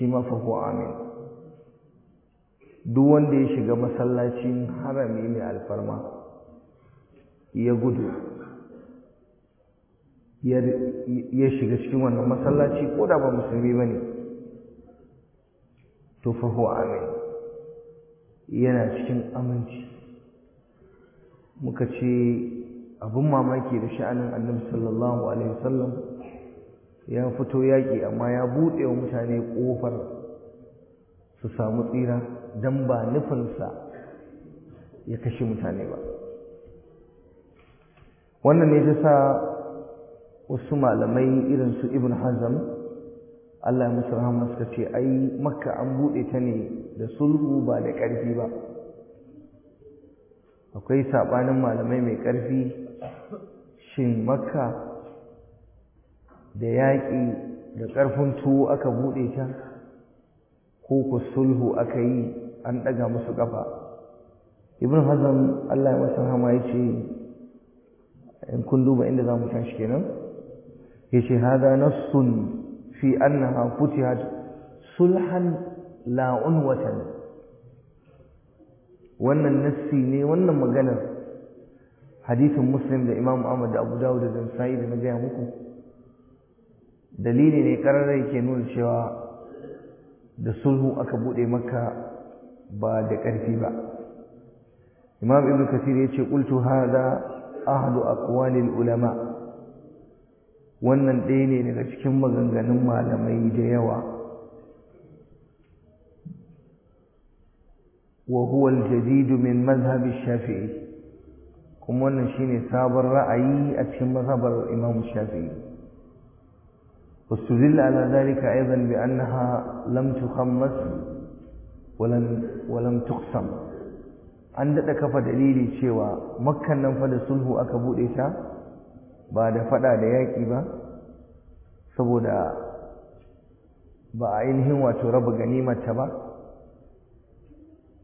shi ma amin duk wanda ya shiga masallacin harami mai alfarma ya gudu ya shiga cikin wannan masallaci ko da ba musulmi bane to fa amin yana cikin aminci muka ce abin mamaki da sha'anin annabi sallallahu alaihi wasallam ya fito yaƙi amma ya buɗe wa mutane ƙofar su samu tsira don ba nufinsa ya kashe mutane ba wannan ne ta sa wasu malamai irin su ibn hazam allah ya musu rahama suka ce ai makka an buɗe ta ne da sulhu ba da ƙarfi ba akwai saɓanin malamai mai ƙarfi shin makka da yaƙi da ƙarfin tuwo aka buɗe ta ko ku sulhu aka yi an ɗaga musu ƙafa ibn hazan allah ya masa hama ya ce in kun duba inda za mu tashi kenan ya ce hada nassun fi annaha futihat sulhan la unwatan wannan nassi ne wannan maganar hadisin muslim da imam ahmad da abu dawud da nasa'i da na gaya muku dalili ne ƙararrai ke nuna cewa da sulhu aka buɗe maka ba da ƙarfi ba imam ibn kasir ya ce ƙultu hada ahadu aqwalil ulama wannan ɗaya ne daga cikin maganganun malamai da yawa wa huwa aljadidu min madhhab shafii kuma wannan shine sabon ra'ayi a cikin mazhabar imam shafi'i واستدل على ذلك أيضا بأنها لم تخمس ولم, ولم تقسم an daɗa kafa dalili cewa makkan nan fa da sulhu aka buɗe ta ba da faɗa da yaƙi ba saboda ba a ainihin wato raba ganimarta ba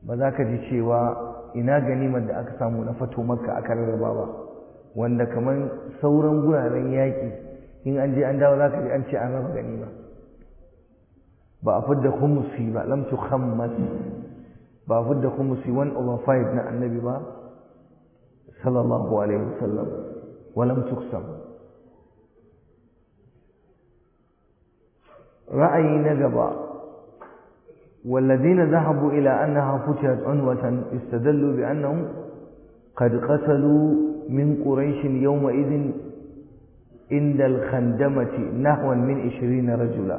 ba za ka ji cewa ina ganimar da aka samu na fato makka aka rarraba ba wanda kamar sauran guraren yaƙi in an je an dawo za ka ji an ce an raba gani ba ba a fidda khumusi ba lam tu khammas ba a fidda khumusi 1 over 5 na annabi ba sallallahu alaihi wasallam wa lam tuqsam ra'ayi na gaba والذين ذهبوا إلى أنها فتحت عنوة استدلوا بأنهم قد قتلوا من قريش يومئذ عند الخندمة نحو من عشرين رجلا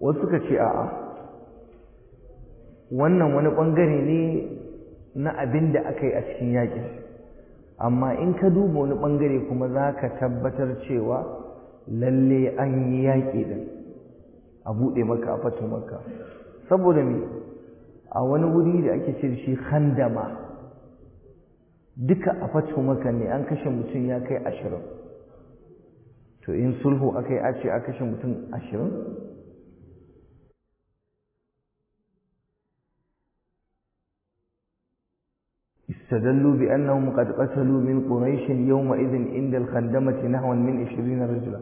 وسكت شعاء wannan wani ɓangare ne na abin da aka yi a cikin yaƙin amma in ka duba wani ɓangare kuma za ka tabbatar cewa lalle an yi yaƙi ɗin a buɗe maka a fatu maka saboda me a wani wuri da ake ce shi handama duka a fatu maka ne an kashe mutum ya kai ashirin to in sulhu aka yi ace a kashe mutum ashirin استدلوا بأنهم قد قتلوا من قريش يومئذ عند الخندمة نحو من عشرين رجلا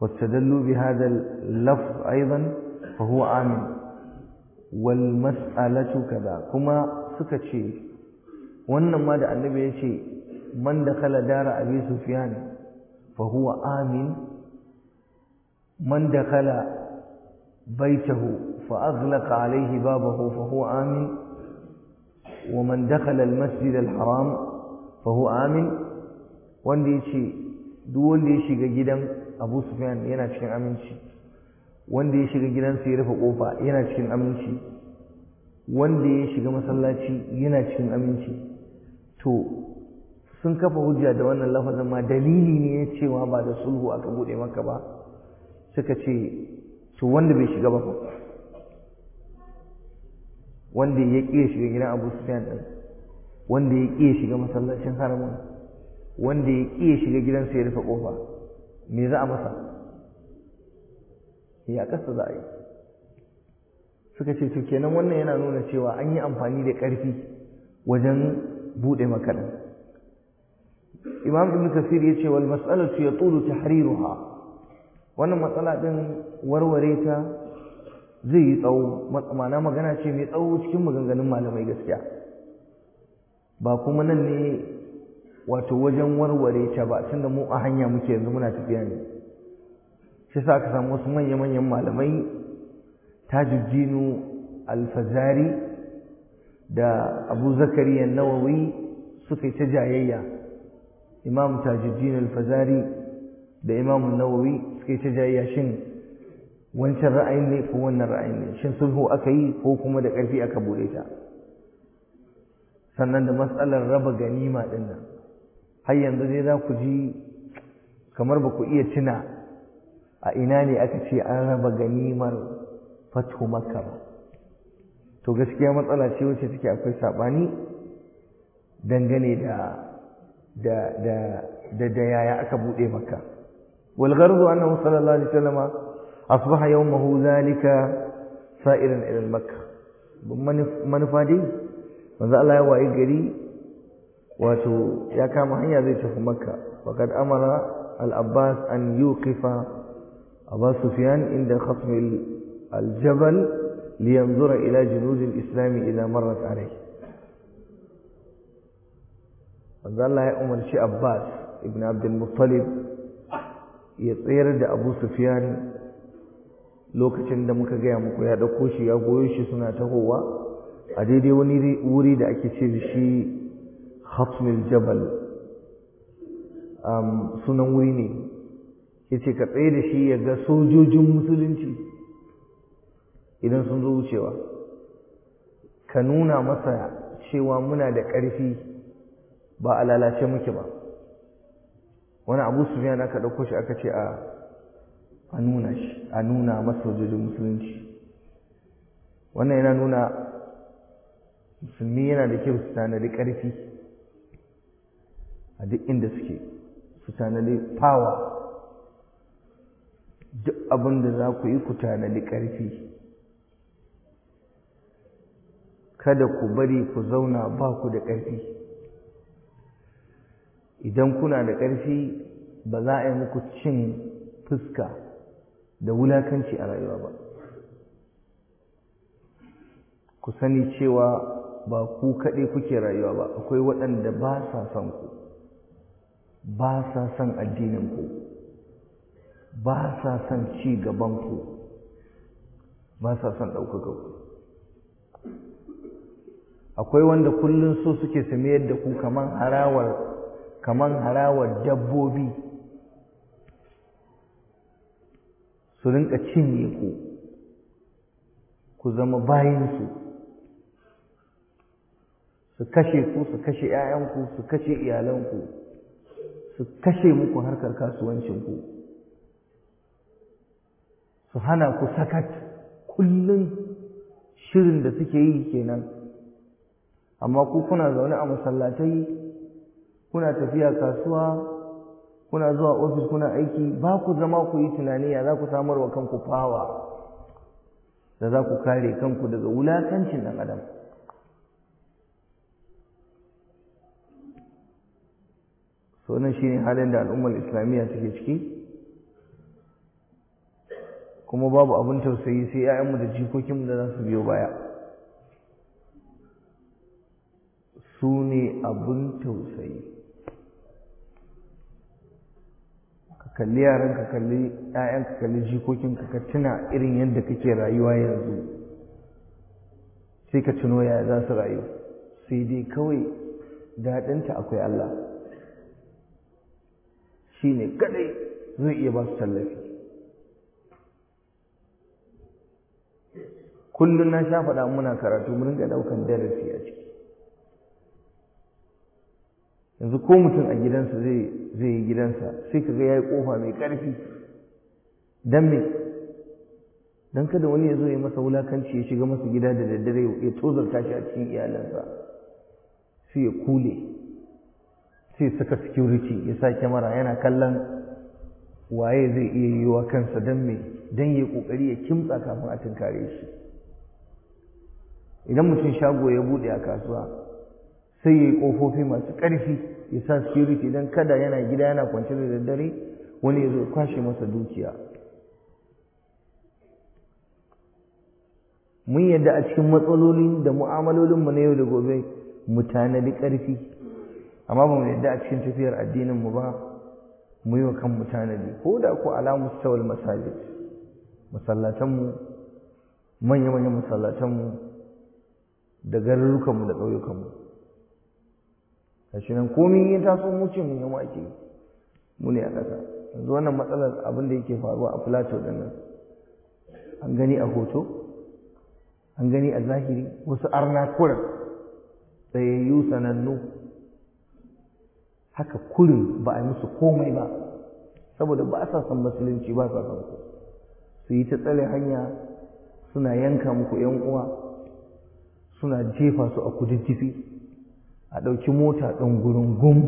واستدلوا بهذا اللفظ أيضا فهو آمن والمسألة كذا كما سكتشي wannan ma da annabi ya ce man da kala dara abi sufyan fa huwa amin man da kala baitahu fa aghlaqa alayhi babahu fa huwa amin wa man dakhala al-masjid al-haram fa huwa amin wanda yace duk wanda ya shiga gidan Abu Sufyan yana cikin aminci wanda ya shiga gidansa ya rufe kofa yana cikin aminci wanda ya shiga masallaci yana cikin aminci to sun kafa hujja da wannan lafazin ma dalili ne ya cewa ba da sulhu aka bude maka ba suka ce to wanda bai shiga ba wanda ya kiya shiga gidan Abu Sufyan din wanda ya kiya shiga masallacin haramun wanda ya kiya shiga gidansa ya rufe kofa me za a masa ya kasa za a yi suka ce to kenan wannan yana nuna cewa an yi amfani da ƙarfi wajen bude maka imam ibn kasir yace wal mas'alatu yatulu tahriruha wannan matsala din warware ta zai yi tsawo mana magana ce mai tsawo cikin maganganun malamai gaskiya ba kuma nan ne wato wajen warware ta ba tunda mu a hanya muke yanzu muna tafiya ne shi sa ka samu wasu manya-manyan malamai tajuddinu alfazari alfazari. da abu zakariya nawawi suka yi ta jayayya imam tajuddin al-fazari da imam nawawi suka yi ta jayayya shin wancan ra'ayin ne ko wannan ra'ayin ne shin sulhu aka yi ko kuma da ƙarfi aka bude ta sannan da matsalar raba ganima din nan har yanzu dai za ku ji kamar ba ku iya tuna a ina ne aka ce an raba ganimar fatu makka ba to gaskiya matsala ce wacce take akwai saɓani dangane da da da da da yaya aka buɗe maka wal gharzu annahu sallallahu alaihi wasallama asbaha yawmahu zalika sa'iran ila makka manufa dai manzo ya waye gari wato ya kama hanya zai tafi makka faqad amara al abbas an yuqifa abu sufyan inda khasm al jabal لينظر إلى ila الإسلام إذا مرت عليه manzo Allah ya umarci Abbas ibn Abdul Muttalib ya tsayar da Abu Sufyan lokacin da muka gaya muku ya dauko shi ya goyo shi suna tahowa a daidai wani wuri da ake ce da shi Hatmil Jabal sunan wuri ne yace ka tsaye da shi ya ga sojojin musulunci idan sun zo wucewa ka nuna masa cewa muna da ƙarfi ba a lalace muke ba wani abu su biya aka ɗauko shi aka ce a nuna shi a nuna masa wajen musulunci wannan yana nuna musulmi yana da kyau su tanadi ƙarfi a duk inda suke su tanadi power duk abin da za ku yi ku tanadi ƙarfi kada ku bari ku zauna ba ku da ƙarfi idan kuna da ƙarfi ba za a yi muku cin fuska da wulakanci a rayuwa ba ku sani cewa ba ku kaɗai kuke rayuwa ba akwai waɗanda ba sa son ku ba sa son addininku ba sa son ci gabanku ba sa son ɗaukaka ku akwai wanda kullum so suke su yadda da ku kaman harawar kaman harawar dabbobi su rinka cinye ku ku zama bayinsu su kashe ku su kashe 'ya'yanku su kashe iyalanku su kashe muku harkar kasuwancinku su hana ku sakat kullum shirin da suke yi kenan amma ku kuna zaune a masallatai kuna tafiya kasuwa kuna zuwa ofis kuna aiki ba ku zama ku yi tunani ya za ku samar wa kanku fawa da za ku kare kanku daga wulakancin ɗan adam so nan ne halin da al'ummar islamiyya take ciki kuma babu abin tausayi sai 'ya'yanmu da jikokinmu da za su biyo baya su ne abin tausayi ka kalli yaran ka kalli ƴaƴan ka kalli jikokin ka ka tuna irin yadda kake rayuwa yanzu sai ka tuno ya za su rayu sai dai kawai daɗinta akwai Allah shi ne kaɗai zai iya ba su tallafi kullum na sha faɗa muna karatu mun ga ɗaukan darasi a ciki yanzu ko mutum a gidansa zai yi gidansa sai ka ga yi kofa mai ƙarfi. Don me don kada wani ya zo ya masa wulakanci ya shiga masa gida da daddare ya tozarta shi a cikin iyalansa sai ya kule sai saka security ya sa kyamara yana kallon waye zai iya yi wa kansa don me don ya kokari ya kimtsa kafin a tunkare shi idan mutum shago ya bude a kasuwa sai ya yi kofofi masu ƙarfi ya sa security don kada yana gida yana kwance da daddare wani ya zo kwashe masa dukiya mun yadda a cikin matsalolin da mu'amalolinmu na yau da gobe mu tanadi ƙarfi amma ba mu yadda a cikin tafiyar addininmu ba mu yi wa kan mu tanadi ko da ko alamu tawal masajid masallatanmu manya-manyan mu da mu da ƙauyukanmu gashi nan komai ya taso muce ce mu yamu mu ne a ƙasa yanzu wannan matsalar abin da yake faruwa a plateau din nan an gani a hoto an gani a zahiri wasu arna kurin tsayayyu sanannu haka kurin ba a musu komai ba saboda ba sa son musulunci ba sa son ku su yi ta tsale hanya suna yanka muku yan uwa suna jefa su a kududdufi a ɗauki mota ɗin gurin gum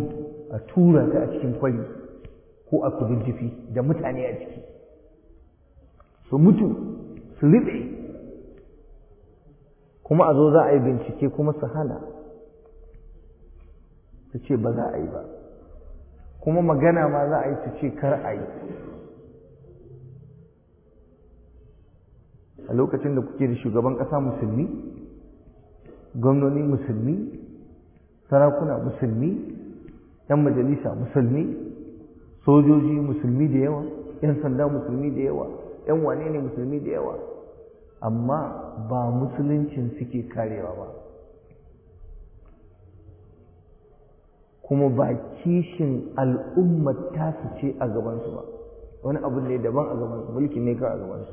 a tura ta a cikin kwari ko a kududdufi da mutane a ciki su mutu su riɓe kuma a zo za a yi bincike kuma su hana su ce ba za a yi ba kuma magana ma za a yi su ce kar a yi a lokacin da kuke da shugaban ƙasa musulmi gwamnoni musulmi sarakuna musulmi yan majalisa musulmi sojoji musulmi da yawa yan sanda musulmi da yawa yan wane ne musulmi da yawa amma ba musuluncin suke karewa ba kuma ba kishin al'ummar tasu ce a gabansu ba wani abu ne daban a gabansu mulki ne ka a gabansu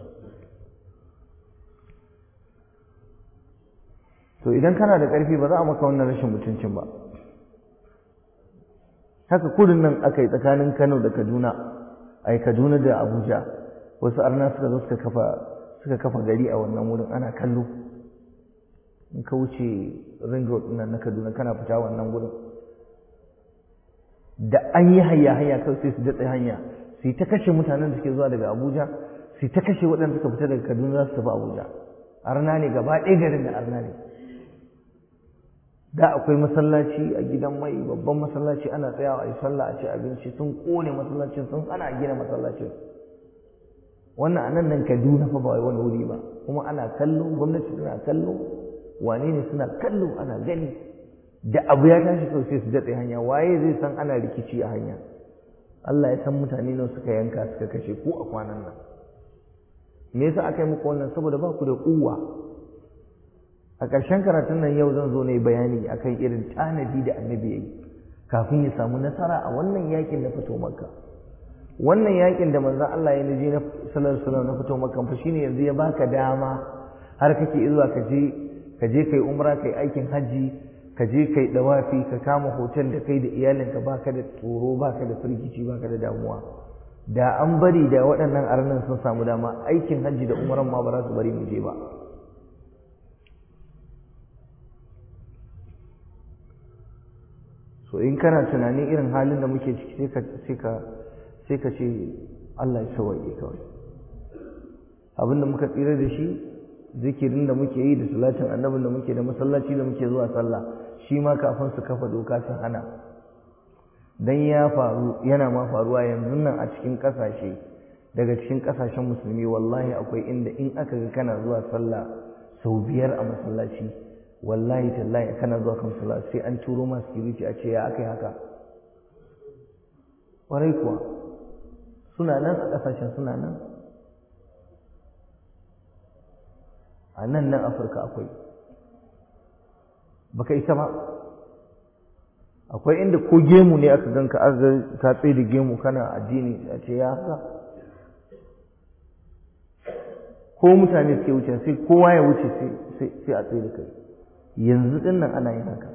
to idan kana da ƙarfi ba za a maka wannan rashin mutuncin ba haka kudin nan aka yi tsakanin kano da kaduna a yi kaduna da abuja wasu arna suka zo suka kafa gari a wannan wurin ana kallo in ka wuce ring road nan na kaduna kana fita wannan wurin da an yi hayya hanya kawai sai su datse hanya su yi ta kashe mutanen da suke zuwa daga abuja su yi ta kashe waɗanda suka fita daga kaduna za su tafi abuja arna ne gaba ɗaya garin da arna ne da akwai masallaci a gidan mai babban masallaci ana tsayawa a yi sallah a ci abinci sun kone masallacin sun tsana gina masallacin wannan anan nan kaduna fa ba wani wuri ba kuma ana kallo gwamnati suna kallo wane ne suna kallo ana gani da abu ya tashi sosai su datse hanya waye zai san ana rikici a hanya Allah ya san mutane nawa suka yanka suka kashe ko a kwanan nan me yasa aka yi muku wannan saboda ba ku da kuwa a ƙarshen karatun nan yau zan zo ne bayani akan irin tanadi da annabi ya yi kafin ya samu nasara a wannan yakin na fito makka wannan yakin da manzan Allah ya naji na sallallahu alaihi na fito makka fa shine yanzu ya baka dama har kake zuwa ka je ka je kai umra kai aikin hajji, ka je kai dawafi ka kama hotel da kai da iyalinka baka da tsoro baka da firgici baka da damuwa da an bari da waɗannan arnan sun samu dama aikin hajji da umran ma ba za su bari mu je ba To in kana tunanin irin halin da muke ciki sai ka ce Allah ya sawaye kawai abin da muka tsira da shi zikirin da muke yi da salatin annabin da muke da masallaci da muke zuwa sallah shi ma kafin su kafa doka sun hana dan ya faru yana ma faruwa yanzu nan a cikin kasashe daga cikin kasashen musulmi wallahi akwai inda in aka ga kana zuwa sallah sau biyar a masallaci wallahi tallahi kana zuwa kan sallah sai an turo ma security a ce ya akai haka warai kuwa suna nan a kasashen suna nan a nan nan afirka akwai baka isa ba akwai inda ko gemu ne aka ganka arza ka tsaye da gemu kana addini a ce ya haka ko mutane suke wuce sai kowa ya wuce sai a tsaye da kai yanzu nan ana yin haka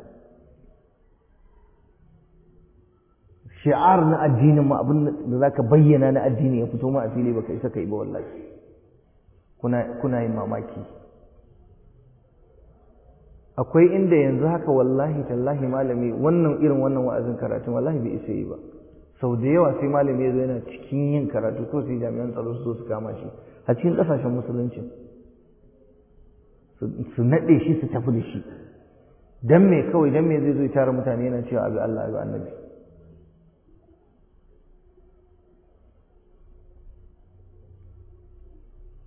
shi'ar na addinin ma abin da za ka bayyana na addini ya fito ma a fili ka isa ka yi ba wallahi kuna yin mamaki akwai inda yanzu haka wallahi tallahi malami wannan irin wannan wa'azin karatu wallahi bai isa yi ba sau da yawa sai malami ya zo yana cikin yin karatu ko sai jami'an tsaro su zo su kama shi a cikin ƙasashen musulunci su naɗe shi su tafi da shi dan me kawai don mai zai zo tara mutane yana cewa abi Allah abi annabi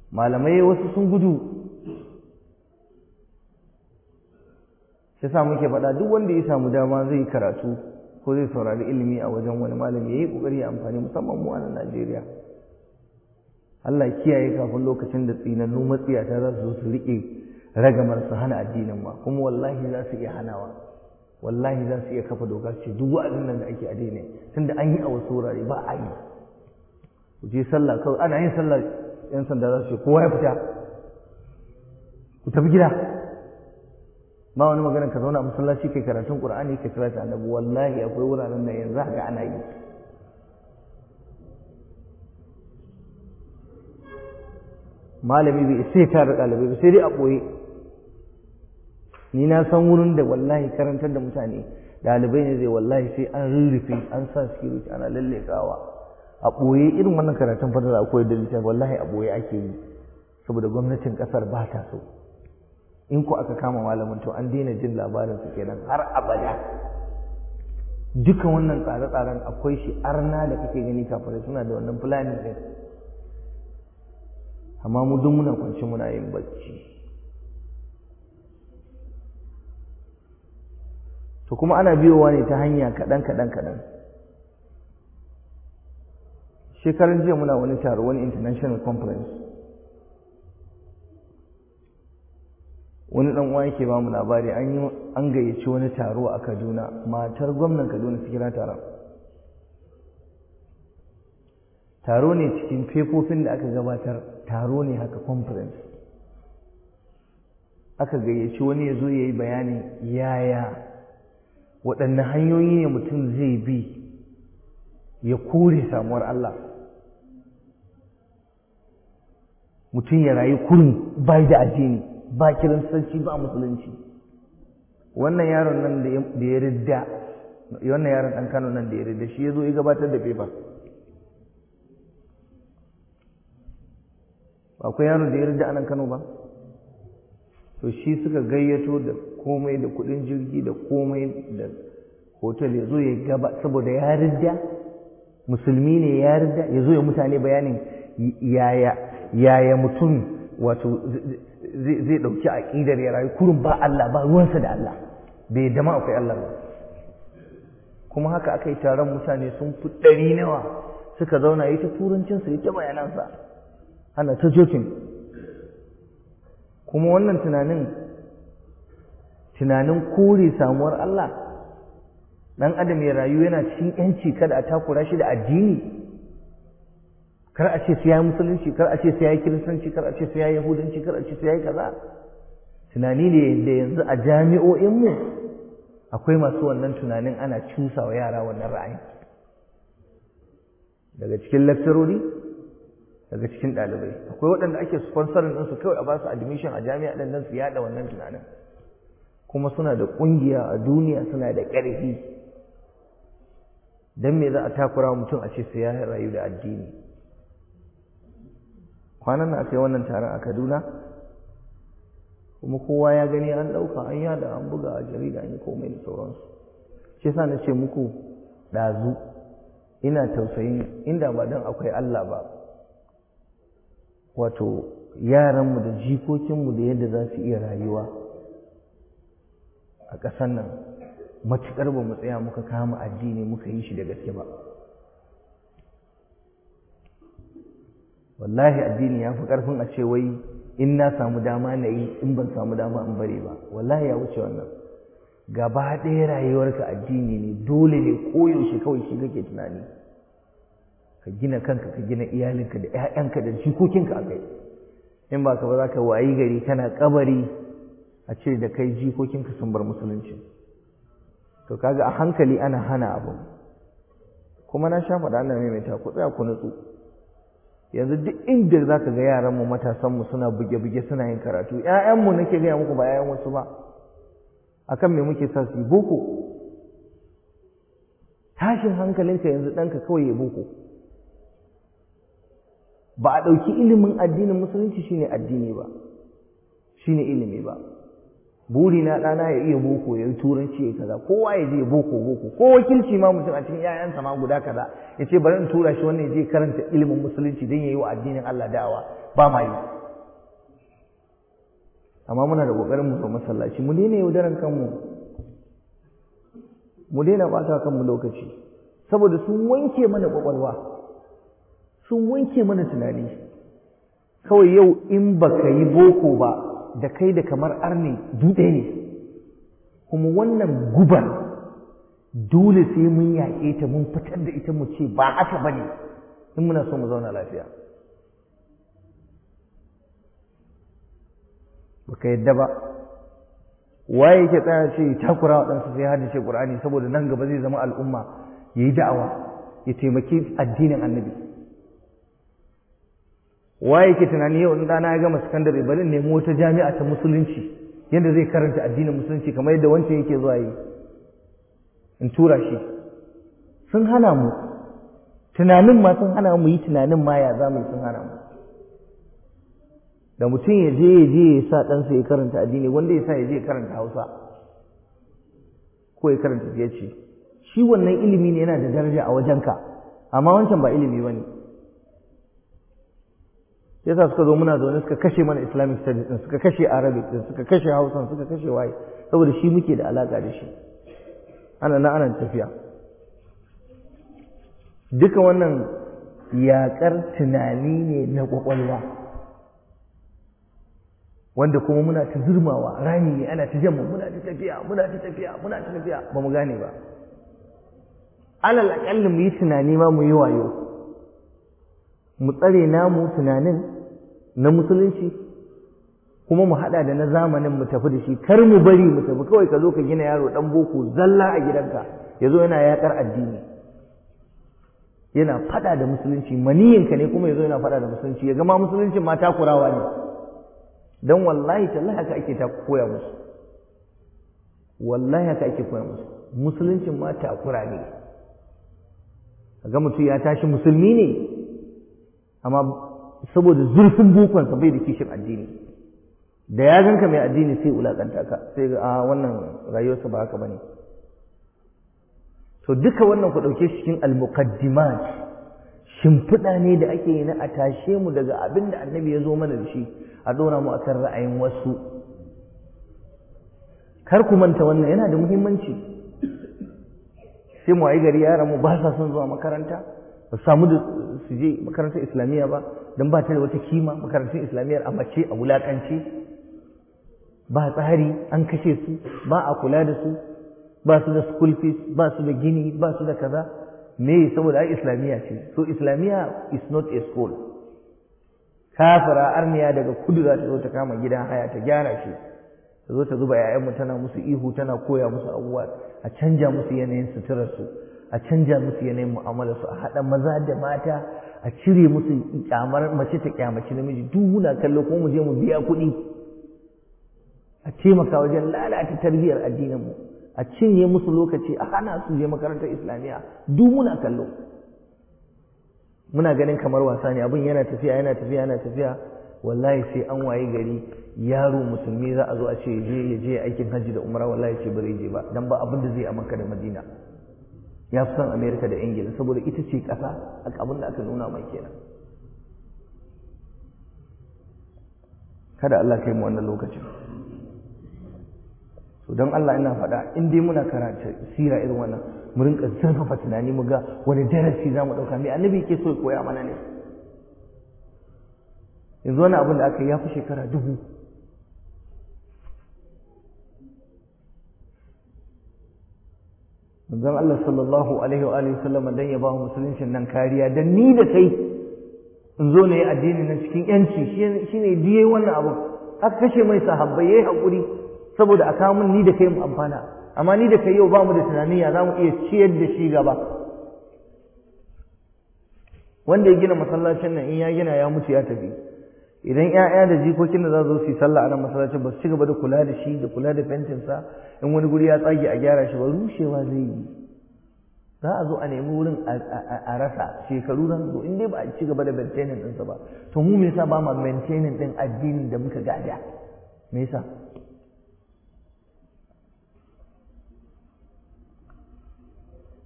malamai wasu sun gudu sai sa muke faɗa duk wanda ya samu dama zai yi karatu ko zai saurari ilimi a wajen wani malami yi kokari ya amfani musamman mu a nan Najeriya Allah kiyaye kafin lokacin da tsinannu matsiyata za su zo su riƙe ragamar su hana addinin ba kuma wallahi za su iya hanawa wallahi za su iya kafa doka ce duk wa'azin nan da ake addini tunda an yi a wasu wurare ba a yi ku je sallah kawai ana yin sallah yan sanda za su ce kowa ya fita ku tafi gida ba wani magana ka zauna a masallaci kai karatun qur'ani kai karatu annabi wallahi akwai wuraren da yanzu haka ana yi malami bai sai da ɗalibai sai dai a ɓoye ni na san wurin da wallahi karantar da mutane ɗalibai ne zai wallahi sai an rurrufe an sa security ana kawa. a ɓoye irin wannan karatun fadar koyar da littafi wallahi a ɓoye ake yi saboda gwamnatin ƙasar ba ta so in ku aka kama malamin to an daina jin labarin su kenan har abada duka wannan tsare-tsaren akwai shi arna da kake gani kafin suna da wannan fulani ɗin amma mu duk muna kwanci muna yin bacci to kuma ana biyowa ne ta hanya kaɗan kaɗan kaɗan shekarun jiya muna wani taro wani international conference wani ɗan uwa yake ba mu labari an yi an gayyaci wani taro a kaduna matar gwamnan kaduna su kira taron taro ne cikin fefofin da aka gabatar taro ne haka conference aka gayyaci wani ya zo ya yi bayani yaya waɗanne hanyoyi ne mutum zai bi ya kure samuwar Allah mutum ya rayu kurin bai da addini ba kiristanci ba musulunci wannan yaron nan da ya ridda wannan yaron ɗan kano nan da ya ridda shi ya zo ya gabatar da beba akwai yaron da ya ridda a nan kano ba to shi suka gayyato da komai da kudin jirgi da komai da hotel ya zo ya gaba saboda ya rida musulmi ne ya rida ya zo ya mutane bayanin yaya mutum wato zai ɗauki aƙidar ya rayu kurin ba Allah ba ruwansa da Allah bai dama akwai Allah ba kuma haka aka yi taron mutane sun fi ɗari nawa suka zauna yi ta turancinsa yi ta bayanansa ana ta jokin kuma wannan tunanin tunanin kore samuwar Allah ɗan adam ya rayu yana cikin yanci kada a takura shi da addini kar a ce sai ya musulunci kar a ce sai ya kiristanci kar a ce sai ya yahudanci kar a ce sai ya kaza tunani ne da yanzu a jami'o'in mu akwai masu wannan tunanin ana cusa wa yara wannan ra'ayi daga cikin lakcarori daga cikin ɗalibai akwai waɗanda ake sponsorin ɗinsu kawai a ba su admission a jami'a ɗin nan su yaɗa wannan tunanin kuma suna da ƙungiya a duniya suna da ƙarfi don me za a takura mutum a ce sai ya rayu da addini kwanan na sai wannan taron a kaduna kuma kowa ya gani an ɗauka an yada an buga a jarida an yi komai da sauransu shi sa na ce muku ɗazu ina tausayin inda ba don akwai allah ba wato yaranmu da jikokinmu da yadda za su iya rayuwa a ƙasar nan matuƙar ba mu tsaya muka kama addini muka yi shi da gaske ba wallahi addini ya fi ƙarfin a ce wai in na samu dama na yi in ban samu dama in bare ba wallahi ya wuce wannan gaba ɗaya rayuwarka addini ne dole ne koyaushe kawai shi kake tunani ka gina kanka ka gina iyalinka da 'ya'yanka da jikokinka a kai in ba ka ba za ka wayi gari kana kabari a ce da kai jikokinka sun bar musulunci to kaga a hankali ana hana abu kuma na sha faɗa Allah maimaita ku tsaya ku nutsu yanzu duk inda ga yaran mu matasan mu suna buge-buge suna yin karatu mu nake gaya muku ba ‘ya'yan wasu ba a kan me muke sa su yi boko tashin hankalinka yanzu ɗanka kawai ya boko ba a ɗauki ilimin addinin musulunci shine addini ba shine ilimi ba Buri na ɗana ya iya boko ya yi turanci ya kaza kowa ya je boko boko ko wakilci ma mutum a cikin 'ya'yansa ma guda kaza ya ce bari in tura shi wannan ya je karanta ilimin musulunci don ya yi wa addinin Allah da'awa ba ma yi amma muna da ƙoƙarin mu masallaci mu daina yaudaran kanmu mu daina ɓata kanmu lokaci saboda sun wanke mana ƙwaƙwalwa sun wanke mana tunani kawai yau in baka yi boko ba da kai da kamar arne dutse ne kuma wannan gubar dole sai mun yaƙe ta mun fitar da ita mu ce ba haka ba ne in muna so mu zauna lafiya baka yadda ba waye yake tsaya ce takura waɗansu sai hada ce ƙur'ani saboda nan gaba zai zama al'umma ya yi da'awa ya taimaki addinin annabi waye ke tunani yau in dana ya gama sakandare bari nemo wata jami'a ta musulunci yadda zai karanta addinin musulunci kamar yadda wancan yake zuwa yi in tura shi sun hana mu tunanin ma sun hana mu yi tunanin ma ya za mu sun hana mu da mutum ya je ya je ya sa ɗansa ya karanta addini wanda ya sa ya je ya karanta hausa ko ya karanta fiye shi wannan ilimi ne yana da daraja a wajenka amma wancan ba ilimi ba ne yasa suka zo muna zaune suka kashe mana islamic studies din suka kashe arabic din suka kashe hausa suka kashe waye saboda shi muke da alaka da shi ana na ana tafiya duka wannan yakar tunani ne na kwakwalwa wanda kuma muna ta zurmawa rani ne ana ta jamma muna ta tafiya muna ta tafiya muna ta tafiya ba mu gane ba alal aƙalli mu yi tunani ma mu yi wayo mu tsare namu tunanin na musulunci kuma mu haɗa da na zamanin mu tafi da shi kar mu bari mu tafi kawai ka zo ka gina yaro ɗan boko zalla a gidanka ya zo yana yaƙar addini yana faɗa da musulunci maniyinka ne kuma ya zo yana faɗa da musulunci ya gama musuluncin ma takurawa ne don wallahi tallahi haka ake ta koya musu wallahi haka ake koya musu musuluncin ma takura ne ga mutum ya tashi musulmi ne amma saboda zurfin bukonsa bai da kishin addini da ya ganka mai addini sai wulaƙanta ka sai ga wannan rayuwarsa ba haka ba ne. to duka wannan ku ɗauke cikin al shimfiɗa ne da ake yi na a tashe mu daga abin da annabi ya zo mana da shi a ɗora mu a kan ra'ayin wasu kar ku manta wannan yana da muhimmanci sai mu a yi gari yaran mu ba sa son zuwa makaranta ba su samu da su je makarantar islamiyya ba don ba ta da wata kima makarantar islamiyya. a mace a wulaƙance ba tsari an kashe su ba a kula da su ba su da school fees ba su da gini ba su da kaza me saboda ai islamiyya ce so islamiyya is not a school kafira arniya daga kudu za ta zo ta kama gidan haya ta gyara shi ta zo ta zuba 'ya'yanmu tana musu ihu tana koya musu abubuwa a canja musu yanayin suturarsu a canja musu yanayin mu'amala su a haɗa maza da mata a cire musu kyamar mace ta kyamaci namiji duk muna kallo ko mu je mu biya kuɗi a taimaka wajen lalata tarbiyyar addinin mu a cinye musu lokaci a hana su je makarantar islamiyya duk muna kallo muna ganin kamar wasa ne abin yana tafiya yana tafiya yana tafiya wallahi sai an waye gari yaro musulmi za a zo a ce je ya je aikin hajji da umara wallahi ce ba zai je ba dan ba abin da zai a da madina ya fi san amerika da ingila saboda ita ce kasa a abin da aka nuna mai kenan kada allah kai mu wannan lokacin so don allah ina faɗa in dai muna karanta sira irin wannan mu rinka zurfafa tunani mu ga wani darasi za mu ɗauka mai annabi ke so koya mana ne yanzu wani abin da aka yi ya fi shekara dubu manzon Allah sallallahu alaihi wa alihi sallama dan ya ba mu musuluncin nan kariya dan ni da kai in zo ne addini na cikin yanci shine biye wannan abu aka kashe mai sahabbai yi hakuri saboda a mun ni da kai mu amfana amma ni da kai yau ba mu da tunani, ya za mu iya ciyar da shi gaba wanda ya gina masallacin nan in ya gina ya mutu ya tafi idan yaya da jikokin da za su yi sallah a nan masallacin ba su ci gaba da kula da shi da kula da fentinsa in wani guri ya tsage a gyara shi ba rushewa zai yi za a zo a nemi wurin a rasa shekaru nan zo in dai ba a ci gaba da maintaining ɗinsa ba to mu me yasa ba ma maintaining ɗin addinin da muka gada me yasa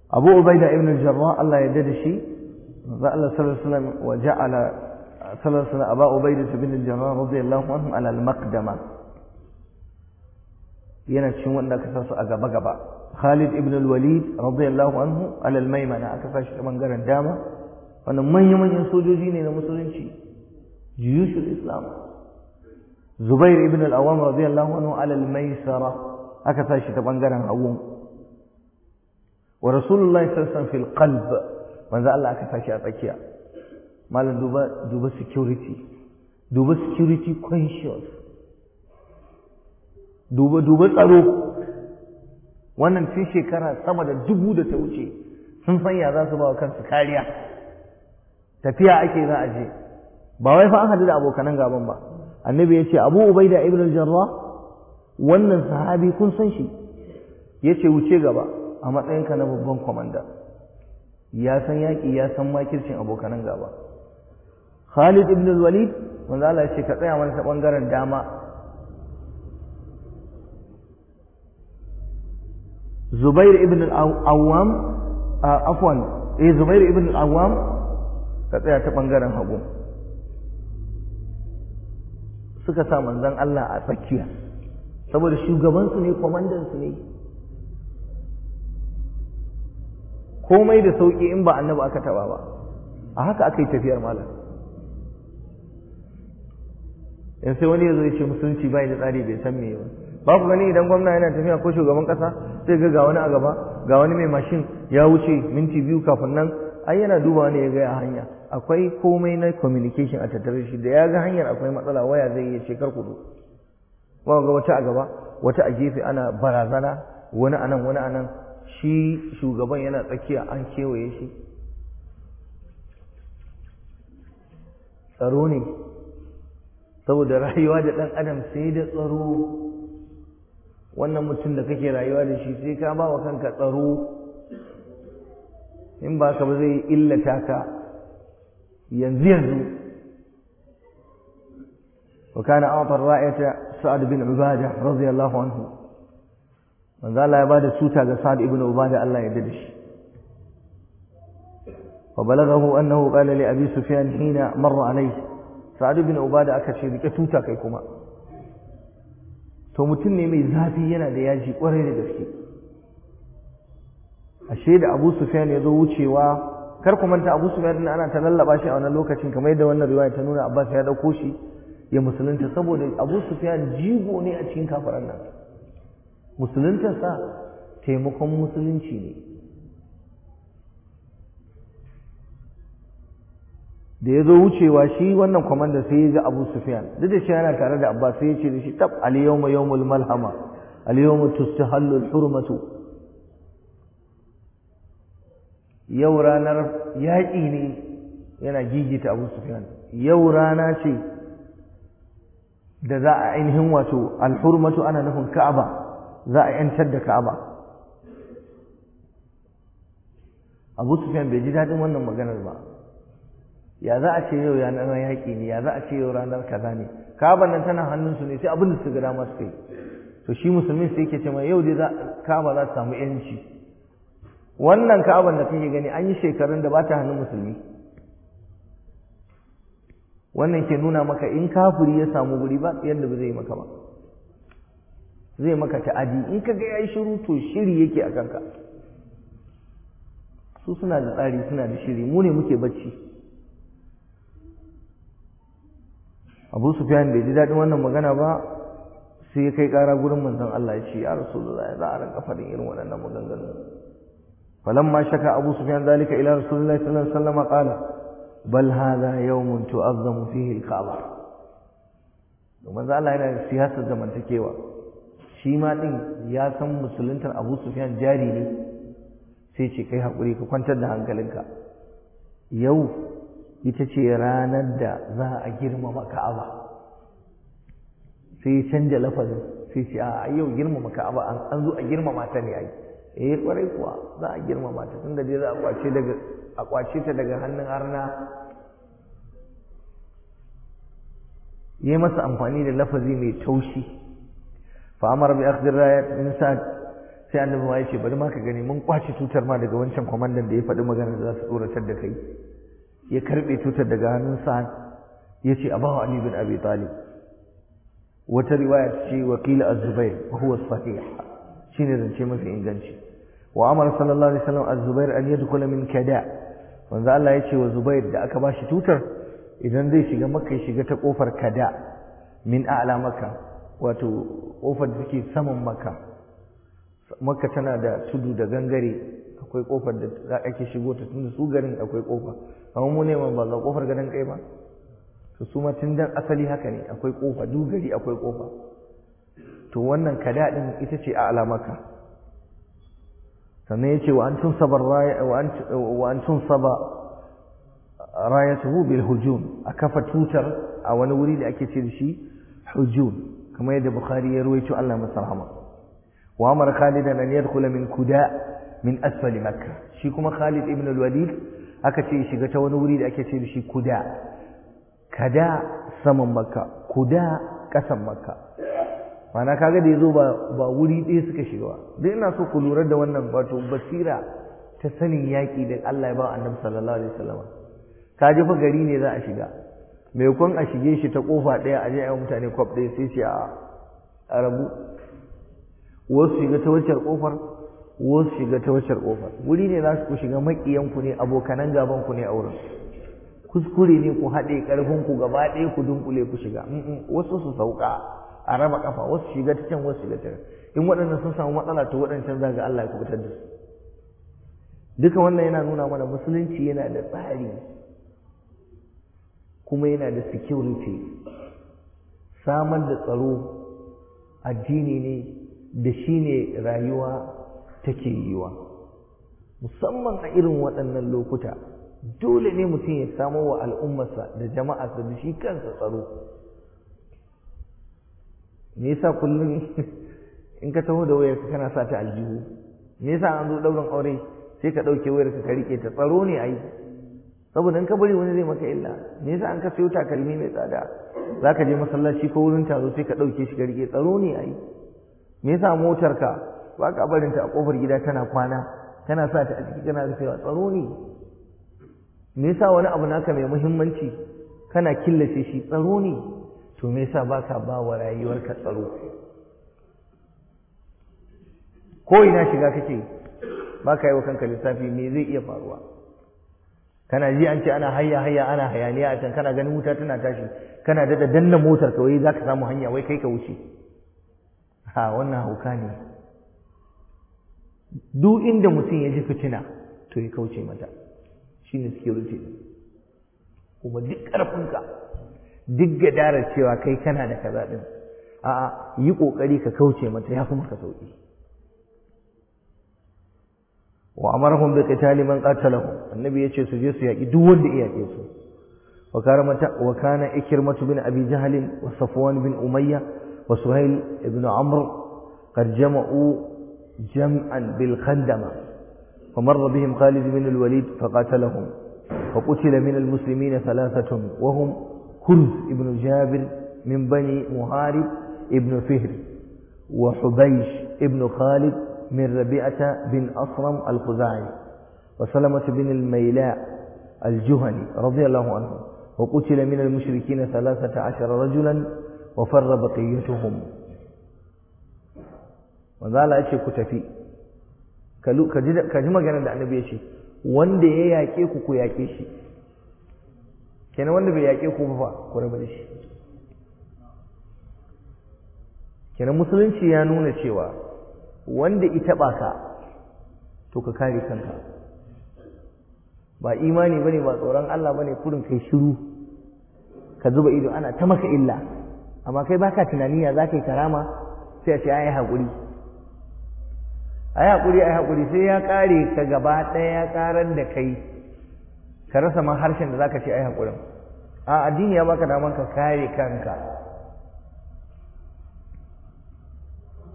Abu Ubaida ibn Jarrah Allah ya da shi za Allah sallallahu alaihi wasallam wa ja'ala اعتذر أبا عبيدة بن الجرار رضي الله عنه على المقدمة ينشم أنك فرس أقب أقب خالد ابن الوليد رضي الله عنه على الميمنة أكفاش من جرن داما وأن من يمن ينسوجو جيني نمسوجين شيء جيوش الإسلام زبير ابن الأوام رضي الله عنه على الميسرة أكفاش من جرن عوم ورسول الله صلى الله عليه وسلم في القلب من ذا الله أكفاش أبكيا malam duba duba security duba security conscious duba duba tsaro wannan tun shekara sama da dubu da ta wuce sun san ya za su ba wa kansu kariya tafiya ake za a je ba wai fa an hadu da abokanan gaban ba annabi ya ce abu ubaida ibn al wannan sahabi kun san shi ya ce wuce gaba a matsayinka na babban kwamanda ya san yaƙi ya san makircin abokanan gaba Khalid ibn al-Walid wanda Allah ya ce ka tsaya mana ta bangaren dama Zubair ibn al-Awwam afwan eh Zubair ibn al-Awwam ka tsaya ta bangaren hagu suka sa manzon Allah a tsakiya saboda shugabansu ne kwamandansu ne komai da sauƙi in ba annabi aka taba ba a haka aka yi tafiyar malam in sai wani ya zo ya ce musulunci bai da tsari bai san me ba ku gani idan gwamna yana tafiya ko shugaban kasa sai ga ga wani a gaba ga wani mai mashin ya wuce minti biyu kafin nan ai yana duba ne ya ga hanya akwai komai na communication a tattare shi da ya ga hanyar akwai matsala waya zai iya shekar kudu ba ga wata a gaba wata a gefe ana barazana wani anan wani anan shi shugaban yana tsakiya an kewaye shi tsaro ne saboda rayuwa da ɗan adam sai da tsaro wannan mutum da kake rayuwa da shi sai ka ba wa kanka tsaro in ba ka ba zai illata ka yanzu yanzu وكان أعطى الرائعة سعد بن عبادة رضي الله عنه من قال لا عبادة سوتا سعد بن عبادة الله يددش وبلغه أنه قال لأبي سفيان حين مر عليه Sa'adu bin ubada aka ce rike tuta kai kuma to mutum ne mai zafi yana da yaji kwarai da gaske ashe da abu sufyan ya zo wucewa kar ku manta abu sufyan din ana ta lallaba shi a wannan lokacin kamar yadda wannan riwaya ta nuna abbas ya dauko shi ya musulunta saboda abu sufyan jigo ne a cikin kafaran nan sa taimakon musulunci ne da ya zo wucewa shi wannan kwamandan sai ya ga abu sufiyan duk da shi yana tare da abba sai ya ce da shi tab aliyawma yawmul malhama aliyawma tustahallu hurmatu yau ranar yaƙi ne yana gigita abu sufiyan yau rana ce da za a ainihin wato alhurmatu ana nufin ka'aba za a yantar da ka'aba abu sufiyan bai ji daɗin wannan maganar ba ya za a ce yau ranar yaƙi ne ya za a ce yau ranar kaza ne kaban nan tana hannunsu ne sai abin da su gada masu kai to shi musulmin sai yake ce mai yau dai kaba za ta samu yanci wannan kaban da kake gani an yi shekarun da ba ta hannun musulmi wannan ke nuna maka in kafiri ya samu guri ba yadda ba zai maka ba zai maka ta'adi in ka ga yayi shiru to shiri yake a kanka su suna da tsari suna da shiri mu ne muke bacci abu sufyan bai ji daɗin wannan magana ba sai ya kai ƙara gurin manzon Allah ya ce ya rasulullahi za a ranka faɗin irin waɗannan maganganu falamma shaka abu sufyan zalika ila rasulullahi sallallahu alaihi wasallam qala bal hadha yawmun tu'azzamu fihi al-ka'ba za Allah yana siyasa zamantakewa shi ma din ya san musuluntar abu sufyan jari ne sai ce kai hakuri ka kwantar da hankalinka yau ita ce ranar da za a girmama ka'aba sai canja lafazin sai ce a yau girmama ka'aba an zo a girmama ta ne ai eh kwarai kuwa za a girmama ta tunda dai za a kwace daga a kwace ta daga hannun arna yi masa amfani da lafazi mai taushi fa amara bi akhdhi rayat min sa'd sai annabi ya ce bari ma ka gani mun kwace tutar ma daga wancan kwamandan da ya faɗi magana da za su tsoratar da kai ya karɓe tutar daga hannun sa'ad ya ce a bawa Ali bin Abi Talib wata riwaya ta ce wakila az-Zubair wa huwa sahih shine zance mafi inganci wa amara sallallahu alaihi wasallam az-Zubair an yadkhula min kada wanda Allah ya ce wa Zubair da aka ba shi tutar idan zai shiga Makka ya shiga ta kofar kada min a'la Makka wato kofar da take saman maka Makka tana da tudu da gangare akwai kofar da za ake shigo ta tunda su garin akwai kofa amma mu ne ba za kofar ganin kai ba to su ma tun dan asali haka ne akwai kofa duk gari akwai kofa to wannan kada din ita ce a alamaka sannan yace wa antum sabar raya wa antum saba rayatuhu bil hujum a kafa tutar a wani wuri da ake ce da shi hujum kamar yadda bukhari ya ruwaito Allah masa rahama wa amara khalidan an yadkhula min kuda min asfali makka shi kuma khalid ibn al-walid aka ce shiga ta wani wuri da ake ce da shi kuda kada saman makka kuda kasan makka mana kaga da yazo ba ba wuri ɗaya suka shiga ba dai ina so ku lura da wannan wato basira ta sanin yaki da Allah ya ba annabi sallallahu alaihi wasallam ka jefa gari ne za a shiga mai kun a shige shi ta kofa ɗaya a je a mutane kwaf ɗaya sai ce a rabu wasu shiga ta wacce kofar wasu shiga ta wacce ƙofa? wuri ne za ku shiga makiyanku ne abokanan gabanku ne a wurin kuskure ne ku haɗe ku gaba ɗaya ku dunƙule ku shiga wasu su sauka a raba kafa wasu shiga ta can wasu shiga ta can. in waɗannan sun samu matsala to waɗancan za ga Allah ya kubutar da su duka wannan yana nuna mana musulunci yana da tsari kuma yana da security samar da tsaro addini ne da shi ne rayuwa take yiwa musamman a irin waɗannan lokuta dole ne mutum ya samo wa al'ummarsa da jama'arsa da shi kansa tsaro me yasa kullum in ka taho da wayarka kana sa ta aljihu me yasa an zo ɗaurin aure sai ka ɗauke wayarka ka riƙe ta tsaro ne ai saboda in ka bari wani zai maka illa me yasa an ka sayo takalmi mai tsada zaka je masallaci ko wurin taro sai ka ɗauke shi ka riƙe tsaro ne ai me yasa motarka ba ka barin ta a kofar gida tana kwana tana sa ta a ciki kana rufewa tsaro ne me yasa wani abu naka mai muhimmanci kana killace shi tsaro ne to me yasa ba ka ba wa rayuwarka tsaro ko ina shiga kake ba ka yi wa kanka lissafi me zai iya faruwa kana ji an ce ana hayya hayya ana hayaniya a can kana ganin wuta tana tashi kana dada danna motar ka wai za ka samu hanya wai kai ka wuce ha wannan hauka ne duk inda mutum ya ji fitina to ya kauce mata shi ne security kuma duk ƙarfinka duk gadarar cewa kai kana da ka ɗin a yi ƙoƙari ka kauce mata ya fi maka sauƙi wa amarahum bi qitali man qatalahum annabi yace su je su yaki duk wanda ya yake su wa karamata wa kana bin abi jahl wa safwan bin umayya wa suhayl ibn amr qad جمعا بالخندمة فمر بهم خالد بن الوليد فقاتلهم وقتل من المسلمين ثلاثة وهم كرز ابن جابر من بني مهارب ابن فهر وحبيش ابن خالد من ربيعة بن أصرم الخزاعي وسلمة بن الميلاء الجهني رضي الله عنه وقتل من المشركين ثلاثة عشر رجلا وفر بقيتهم manzo ya ce ku tafi ka ji maganar da annabi ce wanda ya yaƙe ku ku yaƙe shi kenan wanda bai yaƙe ku ba ku rabu da shi kenan musulunci ya nuna cewa wanda ita ka to ka kare kanka ba imani bane ba tsoron Allah bane kurin kai shiru ka zuba ido ana ta maka illa amma kai baka tunani ya ka yi karama sai a ce yi haƙuri a yi haƙuri a yi sai ya ƙare ka gaba ɗaya ya ƙarar da kai ka rasa ma harshen da za ka ce a yi haƙurin a addini ya baka daman ka kare kanka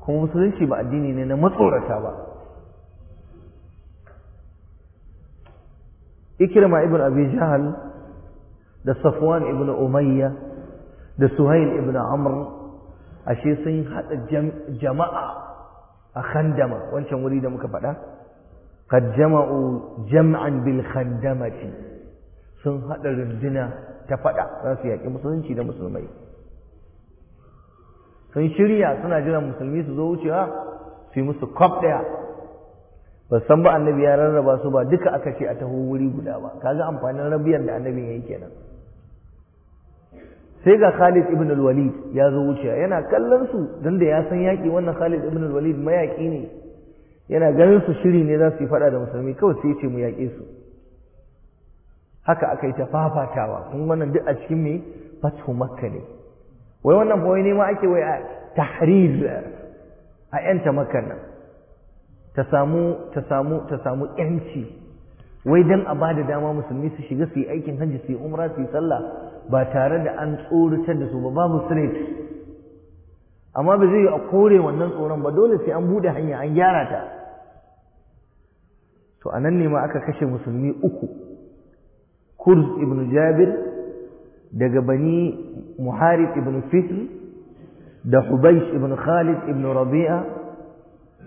kuma musulunci ba addini ne na matsorata ba ikirma ibn abi jahal da safwan ibn umayya da suhail ibn amr ashe sun haɗa jama'a a khandama wancan wuri da muka faɗa qad jama'u jam'an bil khandamati sun haɗa runduna ta faɗa za su yaƙi musulunci da musulmai sun shirya suna jiran musulmi su zo wucewa su yi musu kwaf ɗaya ba san ba annabi ya rarraba su ba duka aka ce a taho wuri guda ba kaga amfanin rabiyar da annabin yi kenan sai ga Khalid ibn al-Walid ya zo wuciya yana kallon su dan da ya san yaki wannan Khalid ibn al-Walid mayaki ne yana ganin su shiri ne za su yi fada da musulmi kawai sai ce mu yaƙe su haka aka yi ta fafatawa kun wannan duk a cikin me fatu makka ne wai wannan boye ne ma ake wai a tahrir a yanta makka nan ta samu ta samu ta samu yanci wai dan a bada dama musulmi su shiga su yi aikin hajji su yi umra su yi sallah ba tare da an tsoratar da su ba babu straight amma ba zai yi a kore wannan tsoron ba dole sai an bude hanya an gyara ta to a nan ne ma aka kashe musulmi uku kurz ibn jabir daga bani muharib ibn fitr da hubaysh ibn khalid ibn rabi'a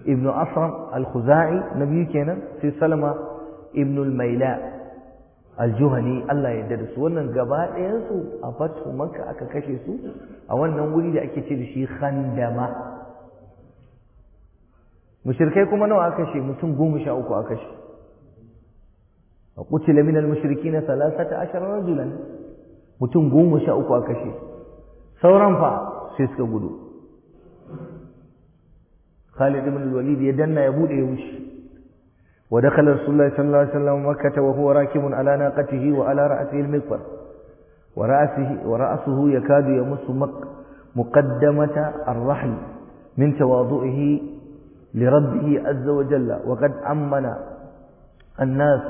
ibn asram al-khuzai nabi kenan sai salama ibn al-maila al-juhani Allah ya yarda da su wannan gaba ɗayan su a fatu maka aka kashe su a wannan wuri da ake ce da shi khandama mushrikai kuma nawa aka kashe mutum goma sha uku aka kashe وقتل من المشركين ثلاثة عشر rajulan mutum goma sha uku aka kashe sauran fa sai suka gudu Khalid ibn al-Walid ya danna ya bude ya wuce ودخل رسول الله صلى الله عليه وسلم مكة وهو راكب على ناقته وعلى رأسه المقبر ورأسه, ورأسه يكاد يمس مق مقدمة الرحل من تواضعه لربه عز وجل وقد أمن الناس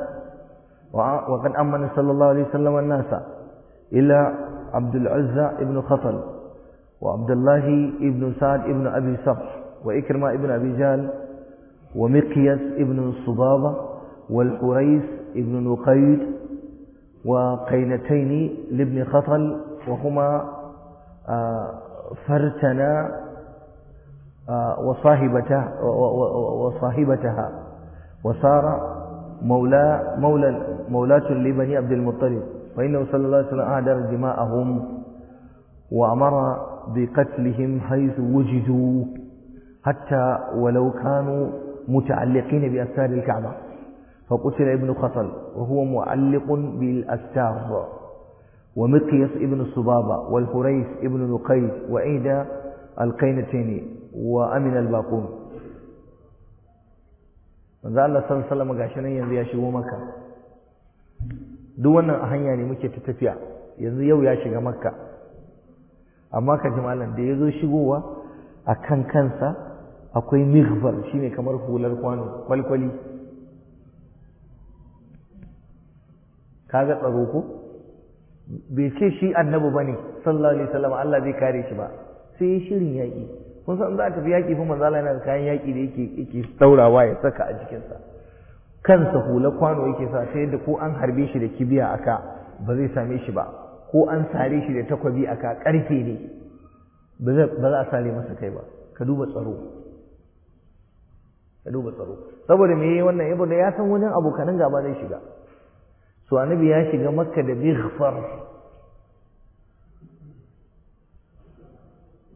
وقد أمن صلى الله عليه وسلم الناس إلى عبد العزة ابن خطل وعبد الله ابن سعد ابن أبي صبح وإكرمة ابن أبي جال ومقياس ابن الصبابة والحريث ابن نقيد وقينتين لابن خطل وهما آه، فرتنا آه، وصاحبته وصاحبتها وصار مولا مولى مولاة لبني عبد المطلب فإنه صلى الله عليه وسلم أهدر دماءهم وأمر بقتلهم حيث وجدوا حتى ولو كانوا متعلقين بأستار الكعبة فقتل ابن خطل وهو معلق بالأستار ومقيص ابن الصبابة والفريس ابن نقيد وعيدة القينتين وأمن الباقون ذا الله صلى الله عليه وسلم قاشنا ينزي أشيو مكة دون أهنيا لمكة يعني تتفيع ينزي يو يأشيو مكة أما كجمالا ديزو شيوه أكن كنسا akwai shi ne kamar hular kwano kwalkwali kaga tsaro ko bai ce shi annabi ne, sallallahu alaihi wasallam Allah zai kare shi ba sai ya shirin yaƙi. kun san za a tafi yaƙi fa manzo Allah yana da kayan yaƙi da yake yake saurawa ya saka a jikin sa kansa hula kwano yake sa sai da ko an harbe shi da kibiya aka ba zai same shi ba ko an sare shi da takwabi aka karfe ne ba za a sare masa kai ba ka duba tsaro ya duba tsaro saboda me yayi wannan yabo da ya san wajen abokanin gaba zai shiga so annabi ya shiga makka da bighfar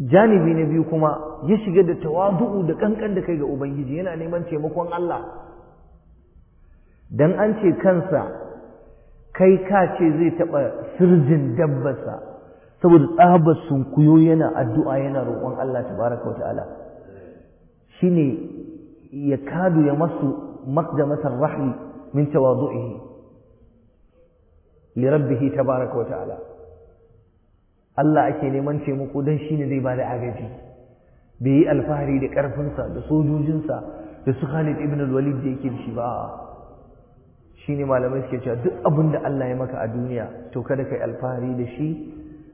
janibi na biyu kuma ya shiga da tawadu'u da kankan da kai ga ubangiji yana neman taimakon Allah dan an ce kansa kai ka ce zai taba sirjin dabbarsa saboda tsabar sunkuyo yana addu'a yana roƙon Allah tabaraka wa ta'ala shine يكاد يمس مقدمة الرحل من تواضعه لربه تبارك وتعالى Allah ake neman taimako don shi ne zai ba da agaji bai yi alfahari da ƙarfinsa da sojojinsa da su Khalid ibn al-Walid da yake da shi ba shi ne malamai suke cewa duk abin da Allah ya maka a duniya to kada ka yi alfahari da shi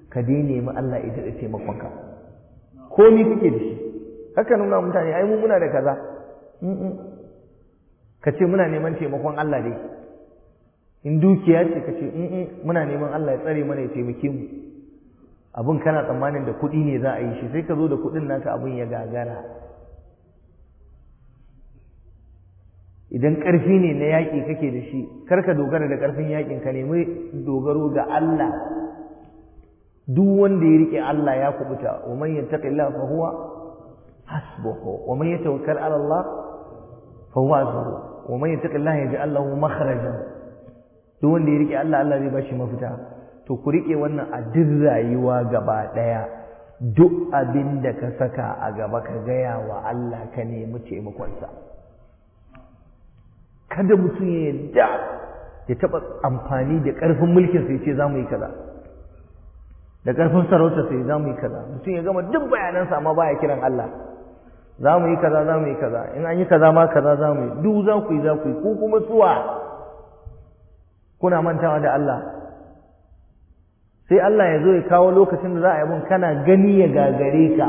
ka dai nemi Allah ya dade taimakonka komi kake da shi haka nuna mutane ai mu muna da kaza ka ce muna neman taimakon Allah dai in dukiya ce ka ce muna neman Allah ya tsare mana ya taimake mu abin kana tsammanin da kuɗi ne za a yi shi sai ka zo da kuɗin naka abin ya gagara idan ƙarfi ne na yaƙi kake da shi kar ka dogara da ƙarfin yaƙin ka nemi dogaro ga Allah duk wanda ya rike Allah ya kubuta wa man yattaqillaha fa huwa hasbuhu wa man yatawakkal ala Allah فهو أزهر ومن يتق الله يجعل له مخرجا wanda ya rike Allah Allah zai bashi mafita to ku rike wannan a duk rayuwa gaba daya duk abin da ka saka a gaba ka gaya wa Allah ka nemi taimakonsa kada mutum ya yarda ya taɓa amfani da ƙarfin mulkin sai za mu yi kaza da ƙarfin sarauta sai za mu yi kaza mutum ya gama duk bayanansa amma baya kiran Allah za mu yi kaza za mu yi kaza in an yi kaza ma kaza za mu yi duk za ku yi za ku yi ko kuma suwa kuna mantawa da Allah sai Allah ya zo ya kawo lokacin da za a yi mun kana gani ya gagare ka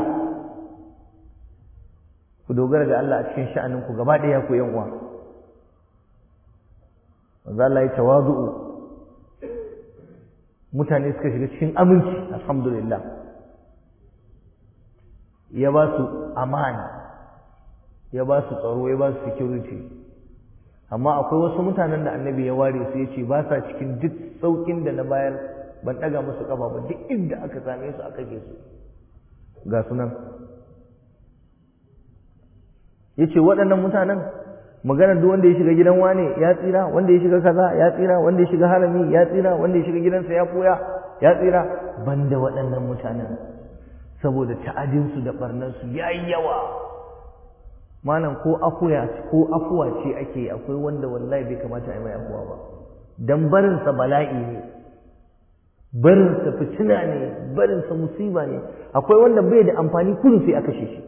ku dogara da Allah a cikin sha'anin ku gaba ɗaya ku yan uwa manzo Allah ya tawazu'u mutane suka shiga cikin aminci alhamdulillah ya ba su amana ya ba su tsaro ya ba su security amma akwai wasu mutanen da annabi ya ware su ya ce ba sa cikin duk saukin da na bayar ban ɗaga musu kafa ba duk inda aka same su aka ke su ga sunan ya ce waɗannan mutanen maganar duk wanda ya shiga gidan wane ya tsira wanda ya shiga kaza ya tsira wanda ya shiga harami ya tsira wanda ya shiga gidansa ya koya ya tsira banda waɗannan mutanen saboda ta'adinsu da ɓarnarsu ya yi yawa malam ko akuya ko afuwa ce ake akwai wanda wallahi bai kamata a yi mai afuwa ba dan barinsa bala'i ne barinsa fitina ne barinsa musiba ne akwai wanda bai da amfani kudu sai a kashe shi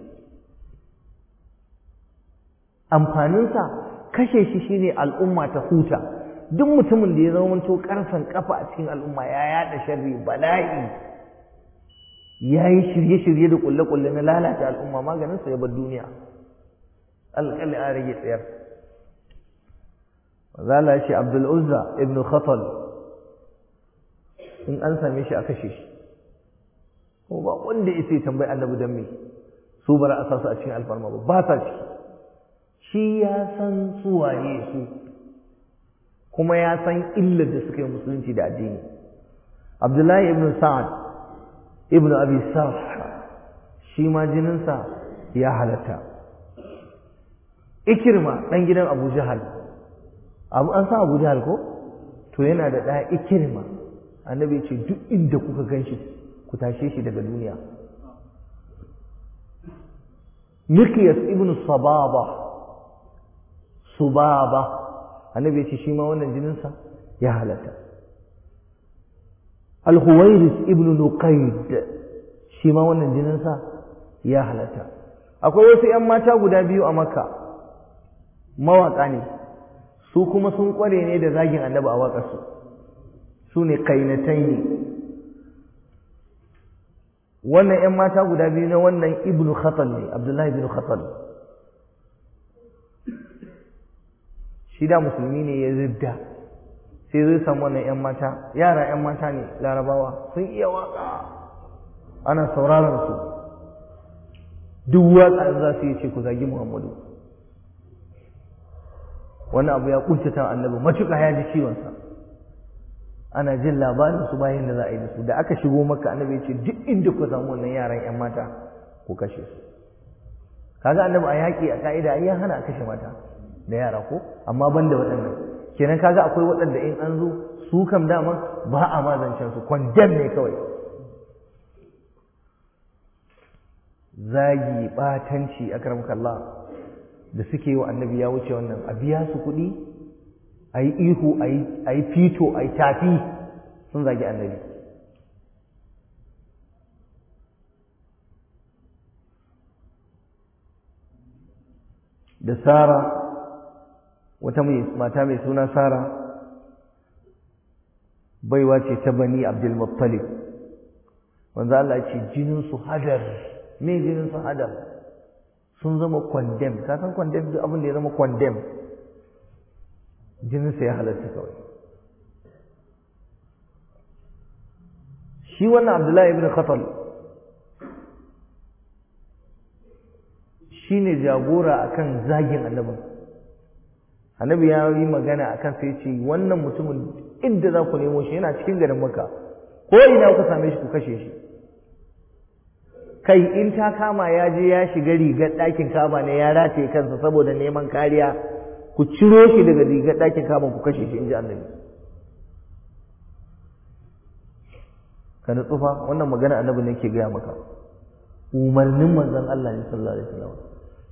amfaninsa kashe shi shine al'umma ta huta duk mutumin da ya zama wanto karfan kafa a cikin al'umma ya yada sharri bala'i ya yi shirye-shirye da kulle-kulle na lalata al'umma maganinsa ya bar duniya alƙali an rage tsayar zala ce abdul uzza ibn khatal in an same shi a kashe shi ko ba wanda ya sai tambayi annabi dan me su bara a sasu a cikin alfarma ba ba shi ya san suwaye su kuma ya san illar da suka yi musulunci da addini abdullahi ibn sa'ad ibn abi sarh shi ma jininsa ya halatta ikirma ɗan gidan abu jihar abu an san abu jihar ko to yana da ɗaya ikirma annabi ce duk inda kuka gan shi ku tashe shi daga duniya Mikiyas ibn Sababa Subaba annabi ce shi ma wannan jininsa ya halatta alhuwairis ibn Nuqayd shi ma wannan jininsa ya halatta akwai wasu ‘yan mata guda biyu a Makka mawaƙa ne su kuma sun ƙware ne da zagin annabi a waƙarsu su ne kainatai ne wannan 'yan mata guda biyu na wannan ibnu khatal ne abdullahi ibnu khatal shi da musulmi ne ya zidda sai zai samu wannan 'yan mata yara 'yan mata ne larabawa sun iya waƙa ana sauraron su duk waƙa za su yi ce ku zagi muhammadu wani abu ya ta annabi matuka ya ji ciwon sa. ana jin labarin su bayan da za a yi da da aka shigo maka annabi ya ce duk inda ku samu wannan yaran yan mata ku kashe su kaga annabi a yaki a ka'ida ai ya hana a kashe mata da yara ko amma ban da waɗannan kenan kaga akwai waɗanda in an zo su kam dama ba a ma zancen su kwandam ne kawai zagi batanci kalla. da suke yi wa annabi ya wuce wannan a biya su kuɗi a yi ihu a yi fito a yi tafi sun zagi annabi da sara wata mata mai suna sara baiwa ce ta bani abdulmuttalib wanzu Allah ce jininsu hadar me jininsu hadar sun zama condemn ka san condemn duk abin da ya zama kwandem. jinin ya halatta kawai shi wannan abdullahi ibn khatal ne jagora akan zagin annabin annabi ya yi magana a kan sai ce wannan mutumin inda za ku nemo shi yana cikin garin maka ko ina ku same shi ku kashe shi kai in ta kama ya je ya shiga rigar ɗakin kaba ne ya rataye kansa saboda neman kariya ku ciro shi daga rigar ɗakin kama ku kashe shi in ji annabi ka fa wannan magana annabi ne ke gaya maka umarnin manzon Allah ne sallallahu alaihi wasallam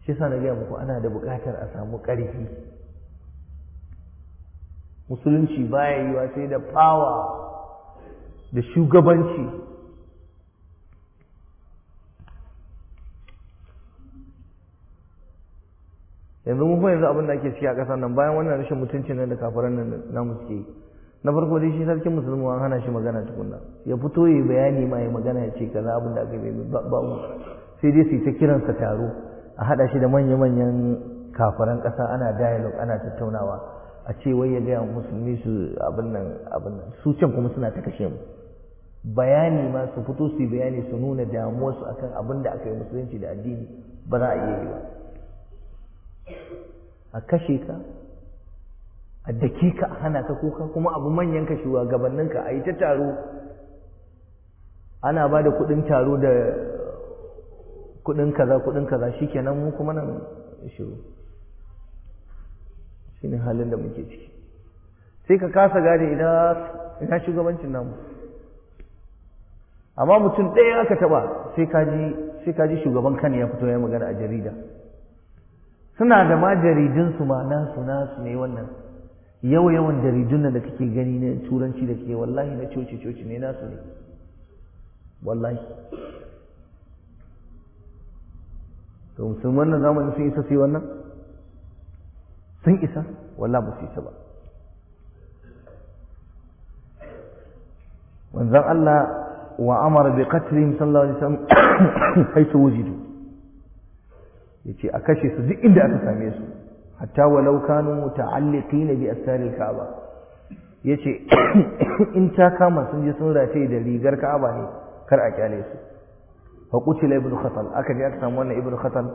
shi yasa na gaya muku ana da buƙatar a samu ƙarfi musulunci baya yiwa sai da fawa da shugabanci yanzu mun fa yanzu abin da ake ciki a ƙasar nan bayan wannan rashin mutunci nan da kafiran nan na suke na farko dai shi sarkin musulmi an hana shi magana tukunna ya fito yi bayani ma ya magana ya ce kaza abin da aka yi ba mu sai dai su ta kiransa taro a haɗa shi da manya-manyan kafiran ƙasa ana dialogue ana tattaunawa a ce wai ya gaya musulmi su abin nan abin nan su can kuma suna ta kashe mu bayani ma su fito su yi bayani su nuna damuwarsu akan abin da aka yi musulunci da addini ba za a iya yi ba a kashe ka a dakika ka a hana ka kuka kuma abu manyan ka shugabannin ka a yi ta taro ana ba da kudin taro da kudin kaza kudin kaza shikenan mu kuma nan shiru shine halin da muke ciki sai ka kasa gane ina shugabancin namu amma mutum ɗaya aka taba sai kaji shugaban kan ya fito ya magana a jarida suna da ma jaridunsu ma nasu nasu ne wannan yawa yawan jaridun da kake gani na turanci da ke wallahi na coci coci ne nasu ne wallahi to musulman na zamani sun isa sai wannan sun isa wallahi ba su isa ba Wanzan Allah wa amara bi qatlihim sallallahu alaihi wasallam haitu wujidu yace a kashe su duk inda aka same su hatta walau kanu muta'alliqina bi asaril ka'aba yace in ta kama sun je sun rataye da rigar ka'aba ne kar a kyale su fa qutila ibn khatal aka je aka samu wannan ibn khatal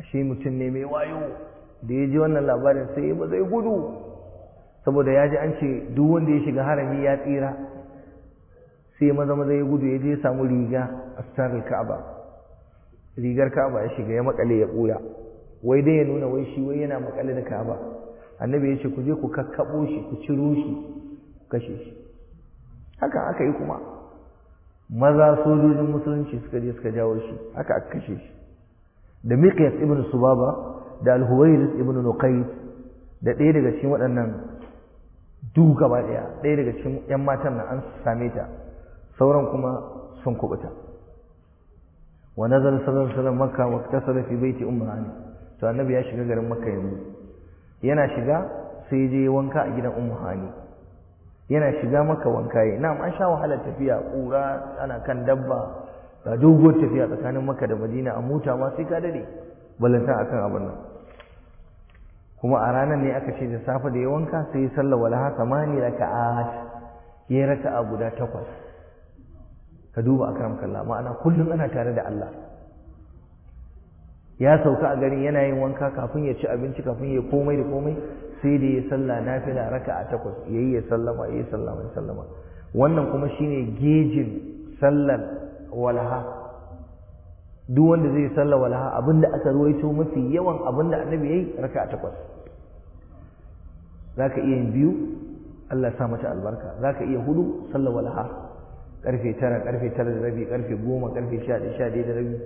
ashe mutum ne mai wayo da ya ji wannan labarin sai ya zai gudu saboda ya ji an ce duk wanda ya shiga harami ya tsira sai maza maza ya gudu ya je samu riga asaril ka'aba rigar kaba ya shiga ya makale ya ɓuya wai dai ya nuna wai shi wai yana makale da kaba annabi ya ce ku je ku kakkaɓo shi ku ciro shi ku kashe shi haka aka yi kuma maza sojojin musulunci suka je suka jawo shi haka aka kashe shi da miqyas ibn subaba da al ibn nuqayt da ɗaya daga cikin waɗannan du gaba ɗaya ɗaya daga cikin 'yan matan na an same ta sauran kuma sun kubuta wa nazala sallallahu alaihi maka makka wa iktasala fi baiti ummu hani to annabi ya shiga garin maka yanzu yana shiga sai je wanka a gidan umar hannu. yana shiga maka wanka yayi na'am an sha wahalar tafiya kura ana kan dabba ga doguwar tafiya tsakanin maka da madina a mota ma sai ka dade a akan abin nan kuma a ranar ne aka ce da safe da ya wanka sai ya sallar walaha samani raka'at ya raka'a guda takwas ka duba a akram kallah ma'ana kullum ana tare da Allah ya sauka a gari yana yin wanka kafin ya ci abinci kafin ya komai da komai sai da ya salla raka a takwas ya yi ya sallama yi sallama ya sallama wannan kuma shine gejin sallar walaha duk wanda zai salla walaha abinda aka ruwaito mafi yawan abinda annabi raka a takwas zaka iya yin biyu Allah sa mata albarka zaka iya hudu sallar walaha karfe tara karfe tara da rabi karfe goma karfe sha ɗaya da rabi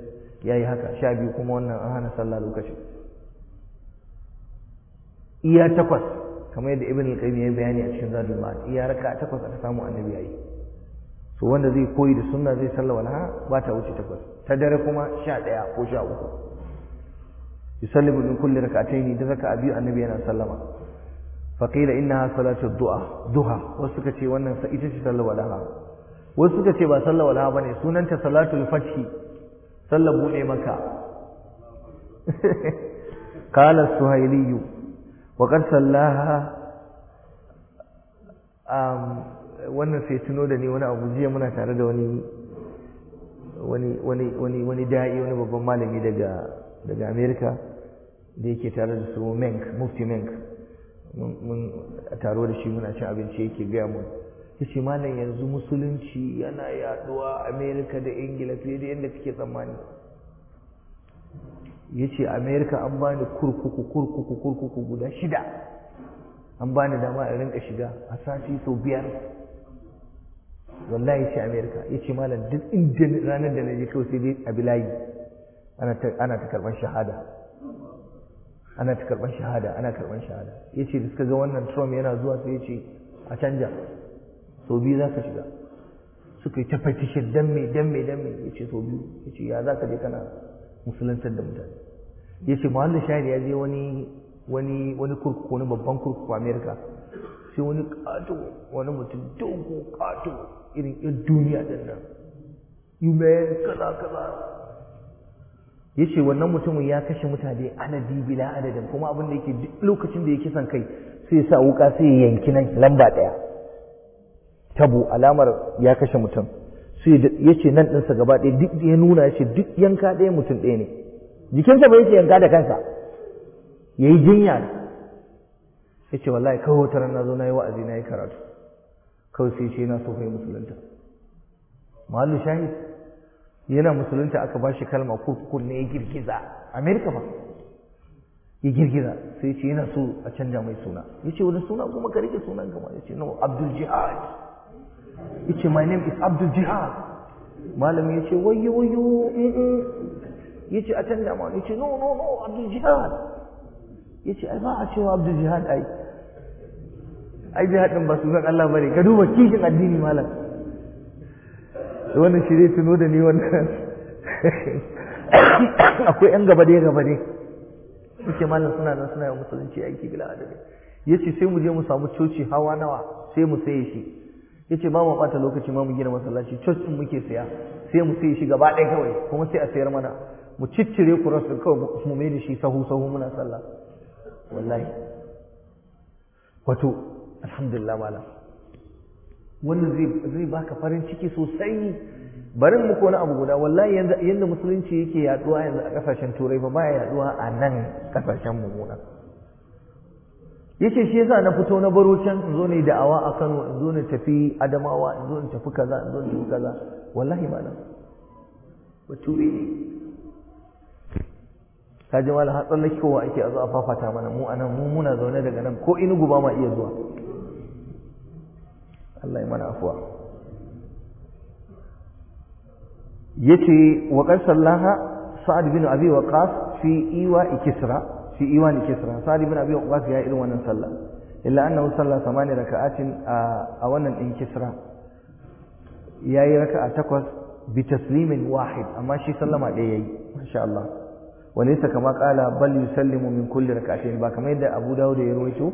ya yi haka sha biyu kuma wannan an hana sallah lokacin iya takwas kamar yadda ibn al-qayyim ya bayani a cikin zadul ma'ad iya raka takwas aka samu annabi yayi so wanda zai koyi da sunna zai sallah wala ba ta wuce takwas ta dare kuma sha ɗaya ko sha uku yusallimu min kulli rak'atayn da a biyu annabi yana sallama fa qila innaha salatu du'a duha wasu ka ce wannan ita ce sallah walaha wasu suka ce ba sallar walaha bane, sunanta salatul fathi sallar bude maka qala suhailiyu wa qad sallaha wannan sai tuno da ni wani abu jiya muna tare da wani wani wani wani wani da'i wani babban malami daga daga America da yake tare da su Menk Mufti Menk mun taro da shi muna cin abinci yake gaya mun ta ce malam yanzu musulunci yana yaduwa amerika da ingila fiye da yadda take tsammani ya ce amerika an bani kurkuku kurkuku kurkuku guda shida an bani dama a rinka shiga a sati sau biyar wallahi ce amerika ya ce malam duk inda ranar da na je kawai sai dai a bilayi ana ta karban shahada ana ta karban shahada ana karban shahada ya ce da suka ga wannan trump yana zuwa sai ya ce a canja sau biyu za ka shiga suka yi ta fatishin dan me dan me dan ya ce sau biyu ya ce ya za ka je kana musulantar da mutane ya ce muhallu shahid ya je wani wani wani kurkuku wani babban kurkuku a amerika sai wani kato wani mutum dogo kato irin yan duniya din nan yi mai kaza kaza ya ce wannan mutumin ya kashe mutane adadi bila adadin kuma abin da yake duk lokacin da ya son kai sai ya sa wuka sai ya yanki nan lamba ɗaya tabo alamar ya kashe mutum sai ya ce nan ɗinsa gaba ɗaya duk ya nuna ya ce duk yanka ɗaya mutum ɗaya ne jikinsa bai ce yanka da kansa ya yi jinya ya ce wallahi kawai wata rana zo na yi wa'azi na yi karatu kawai sai ce yana so kai musulunta mahallu shahid yana musulunta aka ba shi kalma kurkukun ne ya girgiza amerika ba ya girgiza sai ce yana so a canja mai suna ya ce wani suna kuma ka rike sunan gama ya ce no abdul jihad yace my name is Abdul Jihad malami yace wayo wayo yace a tanda ma yace no no no Abdul Jihad yace ai ba a cewa Abdul Jihad ai ai jihad din ba sunan Allah bane ka duba kishin addini malam wannan shi zai tuno da ni wannan akwai yan gaba da gaba ne yace malam suna nan suna yin musulunci aiki bila adadi yace sai mu je mu samu coci hawa nawa sai mu saye shi yace ba mu bata lokaci ma mu gina masallaci church din muke saya sai mu sai shi gaba ɗaya kawai kuma sai a sayar mana mu ciccire ku din kawai mu mai da shi sahu sahu muna sallah wallahi wato alhamdulillah malam wannan zai zai baka farin ciki sosai barin muku wani abu guda wallahi yanda musulunci yake yaduwa yanzu a kasashen turai ba ba ya yaduwa a nan kasashen mu yake shi yasa na fito na baro can in zo ne da'awa a Kano in zo ne tafi Adamawa in zo ne tafi kaza in zo ne tafi kaza wallahi malam bature ne Ka ji malam har tsallake kowa ake a zo a fafata mana mu anan mu muna zaune daga nan ko inugu ba ma iya zuwa Allah ya mana afuwa yace wa qasallaha sallaha sa'ad bin abi waqas fi iwa ikisra fi iwani kisra sa'ad ibn abi ya irin wannan sallah illa annahu salla samani raka'atin a wannan din kisra yayi raka'a takwas bi taslimin wahid amma shi sallama ɗaya yayi masha Allah wa laysa kama qala bal yusallimu min kulli raka'atin ba kamar yadda Abu Dawud ya rawaito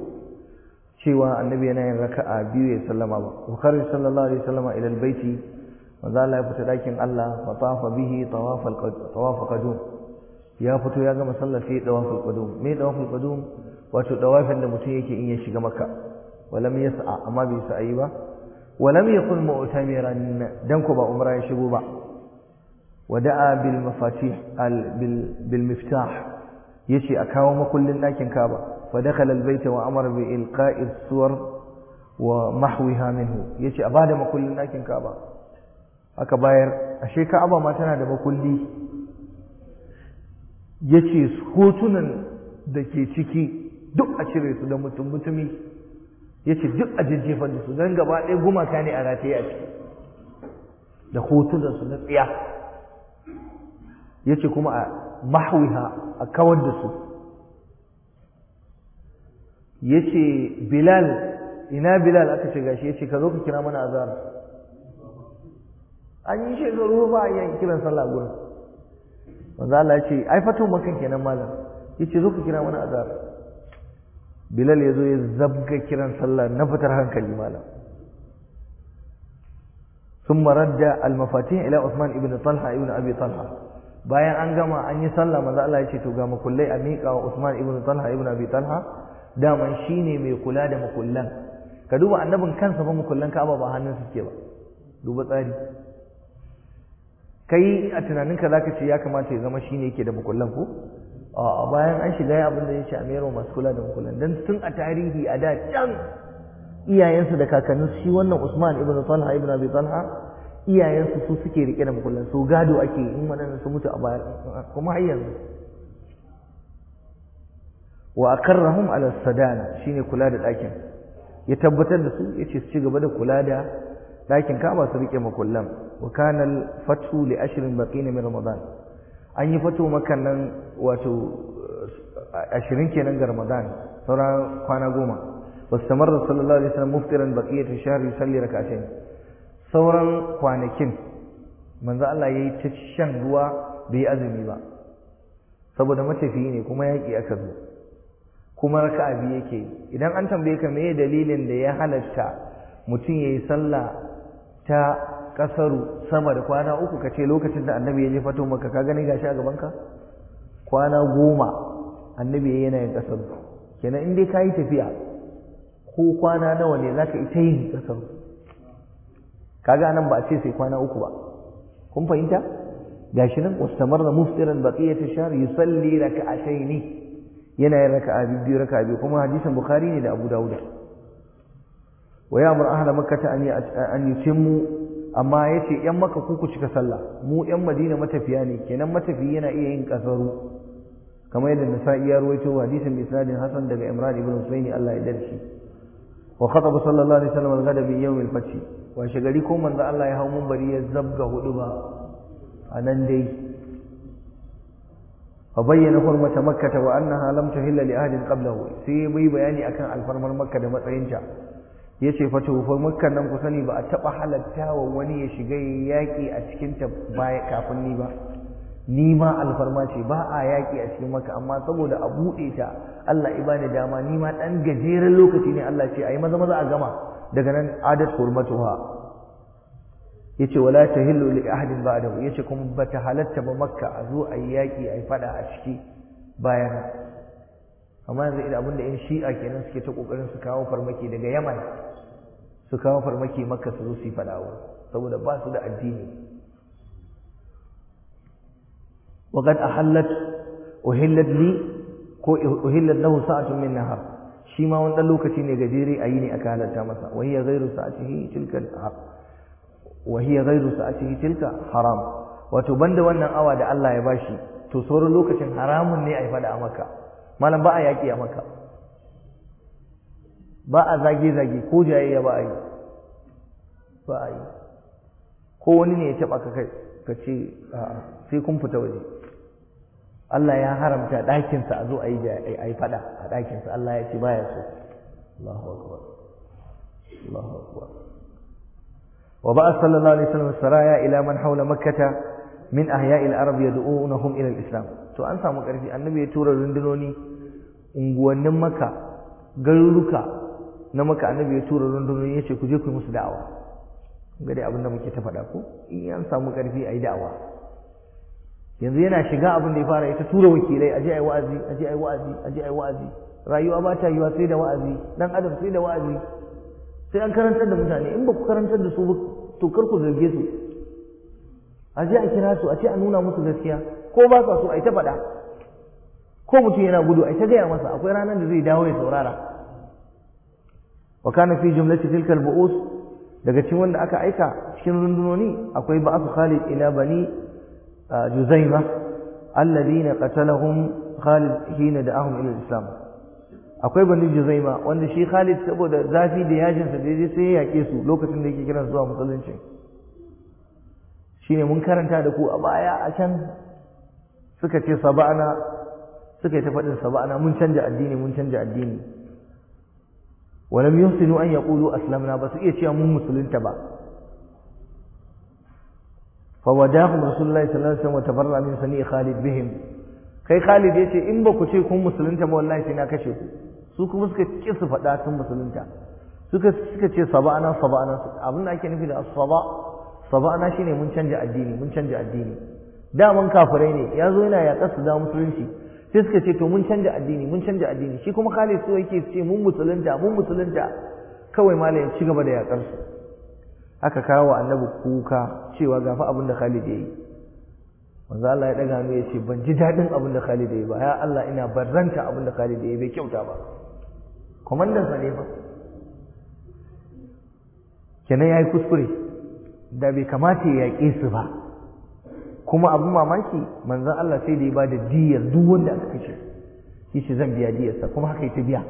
cewa annabi yana yin raka'a biyu ya sallama ba wa kharij sallallahu alaihi wasallama ila albayti manzo Allah ya fita dakin Allah fa tafa bihi tawafal tawaf qadum ya fito ya gama sallah sai ya dawaful qudum me dawaful qudum wato dawafin da mutum yake in ya shiga makka walam yas'a amma bai sa'i ba walam yakun mu'tamiran dan ko ba umra ya shigo ba wada'a bil mafatih al bil miftah yace a kawo makullin ɗakin Kaaba fa dakhala al bayta wa amara bi ilqa'i suwar wa mahwiha minhu yace a bada makullin ɗakin Kaaba aka bayar ashe Kaaba ma tana da makulli ya ce hotunan da ke ciki duk a cire su da mutum mutumi ya ce duk a jejjefar da su don gaba ɗaya gumaka ne a rataye a ciki da hotunan su na tsiya ya ce kuma a mahwiha a kawar da su ya ce bilal ina bilal aka ce gashi ya ce ka zo ka kira mana azar an yi shekaru ba a yi kiran sallah gurin manzo Allah ya ce ai fato makan kenan malam yace zo ku kira mana azar Bilal ya zo ya zabga kiran sallah na fitar hankali malam ثم رد المفاتيح الى عثمان ابن طلحه ابن ابي طلحه bayan an gama an yi sallah manzo Allah ya ce to ga makullai a miƙa wa Usman ibn Talha ibn Abi Talha daman shine mai kula da makullan ka duba annabin kansa ba makullan ka ba hannun suke ba duba tsari kai a tunaninka za ka ce ya kamata ya zama shine yake da mukullan ko a bayan an shiga ya abin ya ce a mero masu kula da mukullan don tun a tarihi a da can iyayensu da kakannin shi wannan usman ibn talha ibn abi talha iyayensu su suke rike da mukullan su gado ake in waɗannan su mutu a baya kuma har yanzu wa akarrahum ala sadana shine kula da ɗakin ya tabbatar da su yace su ci gaba da kula da Dakin kaba su rike makullan wa kana al-fathu li ashrin baqin min ramadan an yi fatu makan nan wato 20 eh, kenan ga ramadan saura kwana goma wastamarra sallallahu alaihi wasallam muftiran baqiyat ashhar yusalli rak'atayn sauran kwanakin manzo Allah yayi ta shan ruwa bai azumi ba saboda matafi ne kuma yaki aka zo kuma raka'a biyu yake idan an tambaye ka me dalilin da ya halatta mutum yayi sallah ta ƙasaru sama da kwana uku ka ce lokacin da annabi ya je fato maka ka gani gashi a gabanka kwana goma annabi ya yana yin ƙasaru kenan in dai ka yi tafiya ko kwana nawa ne za ka ta yin ƙasaru kaga nan ba a ce sai kwana uku ba kun fahimta gashi nan da wastamarna salli baqiyata shahr yusalli raka'ataini yana yin raka'a biyu raka'a biyu kuma hadisin bukhari ne da abu dawuda wa ya amur ahla ta an an mu amma yace yan makka ku ku cika sallah mu yan madina matafiya ne kenan matafi yana iya yin kasaru kamar yadda nasa'i ya wa hadisin bi sinadin hasan daga imran ibn husayn Allah ya darshi wa khataba sallallahu alaihi wasallam al-ghada bi yawm al-fath wa shagari ko manzo Allah ya hawo bari ya zabga hudu ba anan dai fa bayyana hurmata makkah wa annaha lam tahilla li ahadin qablahu sai bai bayani akan alfarmar Makka da matsayinta ya ce fa tufar nan ku sani ba a taɓa halatta wani ya shiga yaƙi a cikin ta baya kafin ni ba ni ma alfarma ce ba a yaƙi a cikin maka amma saboda a buɗe ta Allah ya bani dama ni ma ɗan gajeren lokaci ne Allah ce a yi maza maza a gama daga nan adat ya yace wala tahillu li ahadin ba ya yace kuma bata halatta ba makka a zo a yi yaƙi a yi fada a ciki bayan amma yanzu idan abinda yan shi'a kenan suke ta kokarin su kawo farmaki daga yaman su kawo farmaki makka su zo su yi fadawa saboda ba su da addini wa qad ahallat uhillat li ko uhillat lahu sa'atun min nahar shi ma wani lokaci ne gajere ayi ne aka halarta masa wa hiya ghayru sa'atihi tilka wa hiya ghayru sa'atihi tilka haram wato banda wannan awa da Allah ya bashi to sauran lokacin haramun ne a yi fada a maka malam ba a yaki a maka ba a zage-zage ko jayayya ba a yi ba a yi ko wani ne ya taɓa ka kai ka ce sai kun fita waje Allah ya haramta ɗakinsa a zo a yi faɗa a ɗakinsa Allah ya ce baya so Allahu akbar Allahu akbar wa ba'a sallallahu alaihi wasallam saraya ila man haula makkata min ahya'il arab yad'unahum ila al-islam to an samu ƙarfi annabi ya tura rundunoni unguwannin makka garuruka na maka annabi ya tura rundunar ya ce ku je ku yi musu da'awa ga dai abin da muke ta faɗa ko in an samu ƙarfi a yi da'awa yanzu yana shiga abin da ya fara ita tura wakilai a yi wa'azi a yi wa'azi a yi wa'azi rayuwa ba ta wa sai da wa'azi dan adam sai da wa'azi sai an karantar da mutane in ba ku karantar da su ba to kar ku zarge su je a kira su a ce a nuna musu gaskiya ko ba sa so yi ta faɗa ko mutum yana gudu a ta gaya masa akwai ranar da zai dawo ya saurara wa kana fi jumlati tilka al-bu'us daga cikin wanda aka aika cikin rundunoni akwai ba'su Khalid ila bani Juzaima alladhina qatalahum Khalid hina da'ahum ila al-islam akwai bani Juzaima wanda shi Khalid saboda zafi da yajinsa da sai ya yake su lokacin da yake kiran zuwa musulunci shine mun karanta da ku a baya a can suka ce saba'ana suka yi ta faɗin saba'ana mun canja addini mun canja addini walam yuhsinu an yaqulu aslamna ba su iya cewa mun musulunta ba fa wadahum rasulullahi sallallahu alaihi wasallam tabarra min sani khalid bihim kai khalid yace in ba ku ce kun musulunta ba wallahi sai na kashe ku su kuma suka ki su faɗa sun musulunta suka suka ce saba'ana saba'ana abin da ake nufi da saba saba'ana shine mun canja addini mun canja addini daman kafirai ne yazo yana yaƙar su da musulunci sai suka ce to mun canja addini mun canja addini shi kuma Khalid su yake ce mun musulunta mun musulunta kawai ya ci gaba da yakar su aka kawo annabi kuka cewa ga abin da Khalid yayi manzo Allah ya daga mu ya ce ban ji dadin abin da Khalid yayi ba ya Allah ina barranta abin Khalid yayi bai kyauta ba komandan sa ne ba kenan yayi kuskure da bai kamata ya yaƙe su ba kuma abin mamaki manzan Allah sai da ya bada diyar duk wanda aka kashe yace zan biya diyarsa kuma haka ta biya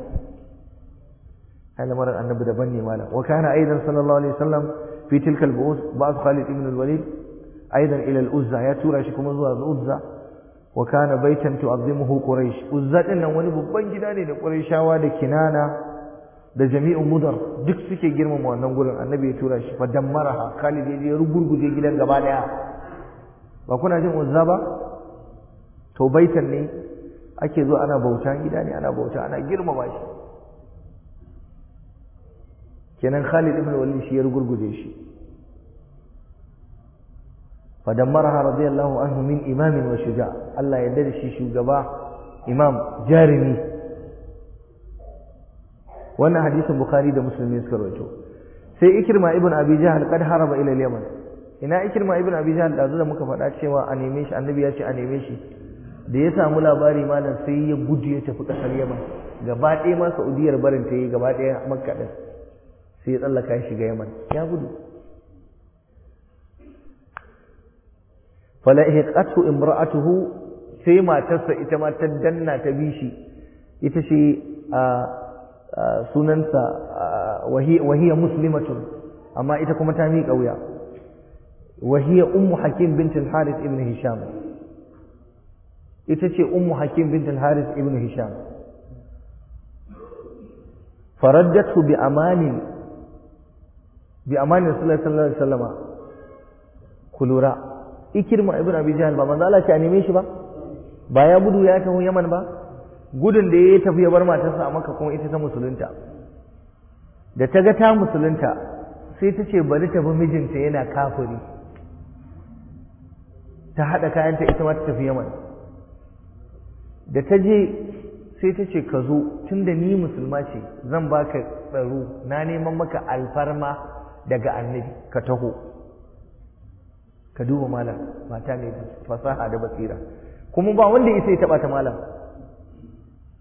al'amarin annabi daban ne malam wa kana aidan sallallahu alaihi wasallam fi tilka al-bu'us ba'd Khalid ibn al-Walid aidan ila al-Uzza ya tura shi kuma zuwa Uzza wa kana baitan tu'azzimuhu Quraysh Uzza din nan wani babban gida ne da Qurayshawa da Kinana da jami'u Mudar duk suke girmama wannan gurin annabi ya tura shi fa dammaraha Khalid ya je rugurguje gidan gaba daya ba kuna jin uzza ba to baitan ne ake zuwa ana bauta gida ne ana bauta ana girmama shi kenan Khalid ibn Walid shi ya gurguje shi fa dammaraha radiyallahu anhu min imamin wa shuja Allah ya dare shi shugaba imam jarimi wannan hadisin Bukhari da Muslim suka rawaito sai Ikrima ibn Abi Jahl kad haraba ila yaman ina ikirma ibn abi jahal da muka faɗa cewa a neme shi annabi ya ce a neme shi da ya samu labari malam sai ya gudu ya tafi kasar yaman gaba ɗaya ma saudiyar barin ta yi gaba ɗaya makka ɗin sai ya tsallaka shi ga yaman ya gudu fala ihqatu imra'atuhu sai matarsa ita ma ta danna ta bi shi ita ce a sunansa wahiya muslimatun amma ita kuma ta miƙa wuya وهي أم حكيم بنت الحارث ابن هشام إتتي أم حكيم بنت الحارث ابن هشام فردته بأمان بأمان رسول الله صلى الله عليه وسلم كلورا إكرم ابن أبي جهل بما ذا ذلك يعني ميش با با يبدو ياته يمن با gudun da ya tafi ya bar matarsa a maka kuma ita ta musulunta da ta ga ta musulunta sai ta ce bari ta bi mijinta yana kafiri ta haɗa kayanta ita ma ta tafi yaman da ta je sai ta ce ka zo tun da ni musulma ce zan baka tsaro na neman maka alfarma daga annabi ka taho ka duba malam mata ne fasaha da basira kuma ba wanda isa ya taɓa ta malam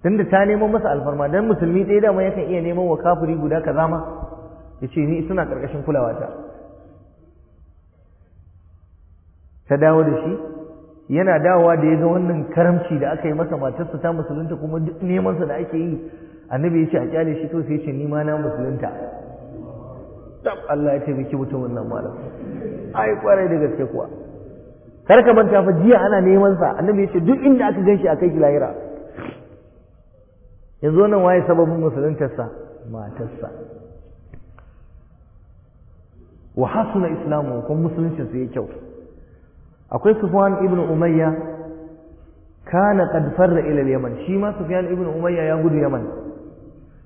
da ta neman masa alfarma dan musulmi ɗaya dama yakan iya neman wa kafiri guda kaza ma ya ce ni suna ƙarƙashin kulawa ta ta dawo da shi yana dawowa da ya ga wannan karamci da aka yi masa matarsa ta musulunta kuma duk nemansa da ake yi annabi ya ce a kyale shi to sai ce ni ma na musulunta tab Allah ya taimaki mutumin nan malam ai kwarai da gaske kuwa kar ka manta fa jiya ana neman sa annabi ya ce duk inda aka shi akai shi lahira yanzu nan waye sababin musuluntarsa matarsa wa hasuna islamu kuma musulunci sai ya kyau akwai sufwan ibn umayya kana qad farra ila al-yaman shi ma sufyan ibn umayya ya gudu yaman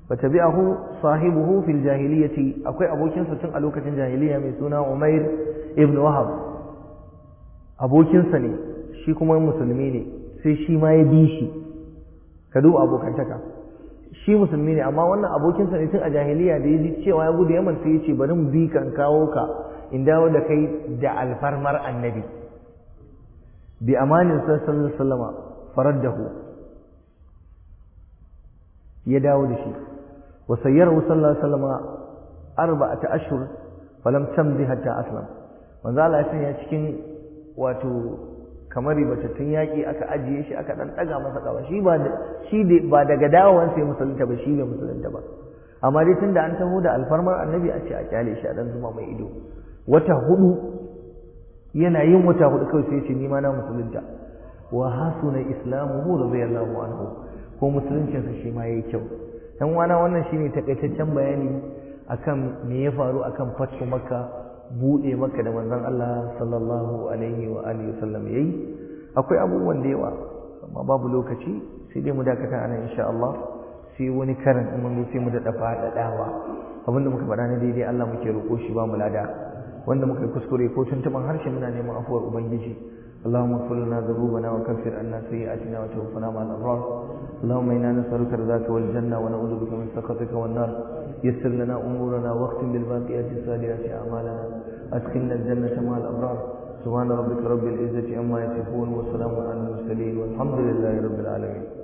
wa tabi'ahu sahibuhu fil jahiliyyati akwai abokin sa tun a lokacin jahiliyya mai suna umayr ibn wahab abokin sa ne shi kuma musulmi ne sai shi ma ya bi shi ka duba abokantaka shi musulmi ne amma wannan abokinsa ne tun a jahiliya da ya ji cewa ya gudu yaman sai ya ce bari mu bi kan kawo ka in dawo da kai da alfarmar annabi bi amanin sallallahu alaihi wasallama faraddahu ya dawo da shi wa sayyarahu sallallahu alaihi wasallama arba'ata ashhur falam tamdi hatta aslam manzo Allah ya sanya cikin wato kamar ribatattun yaƙi aka ajiye shi aka ɗan ɗaga masa ƙawa shi ba shi ba daga dawowan sai musulunta ba shi bai musulunta ba amma dai tun an taho da alfarmar annabi a ce a kyale shi a ɗan zuma mai ido wata hudu yana yin wata hudu kawai sai ce ni ma na musulunta wa da zai allahu anhu ko musuluncinsa shi ma yi kyau dan wana wannan shine takaitaccen bayani akan me ya faru akan fatu maka buɗe maka da manzon Allah sallallahu alaihi wa alihi yayi akwai abubuwan da yawa amma babu lokaci sai dai mu dakata anan insha Allah sai wani karan mun sai mu da dafa da dawa abinda muka faɗa ne daidai Allah muke roƙo shi ba mu lada wanda muka kuskure ko tuntuban harshe muna neman afuwar ubangiji اللهم اغفر لنا ذنوبنا وكفر عنا سيئاتنا وتوفنا مع الابرار اللهم انا نسالك رضاك والجنه ونعوذ بك من سخطك والنار يسر لنا امورنا واختم بالباقيات الصالحات اعمالنا ادخلنا الجنه مع الابرار سبحان ربك رب العزه عما يصفون وسلام على المرسلين والحمد لله رب العالمين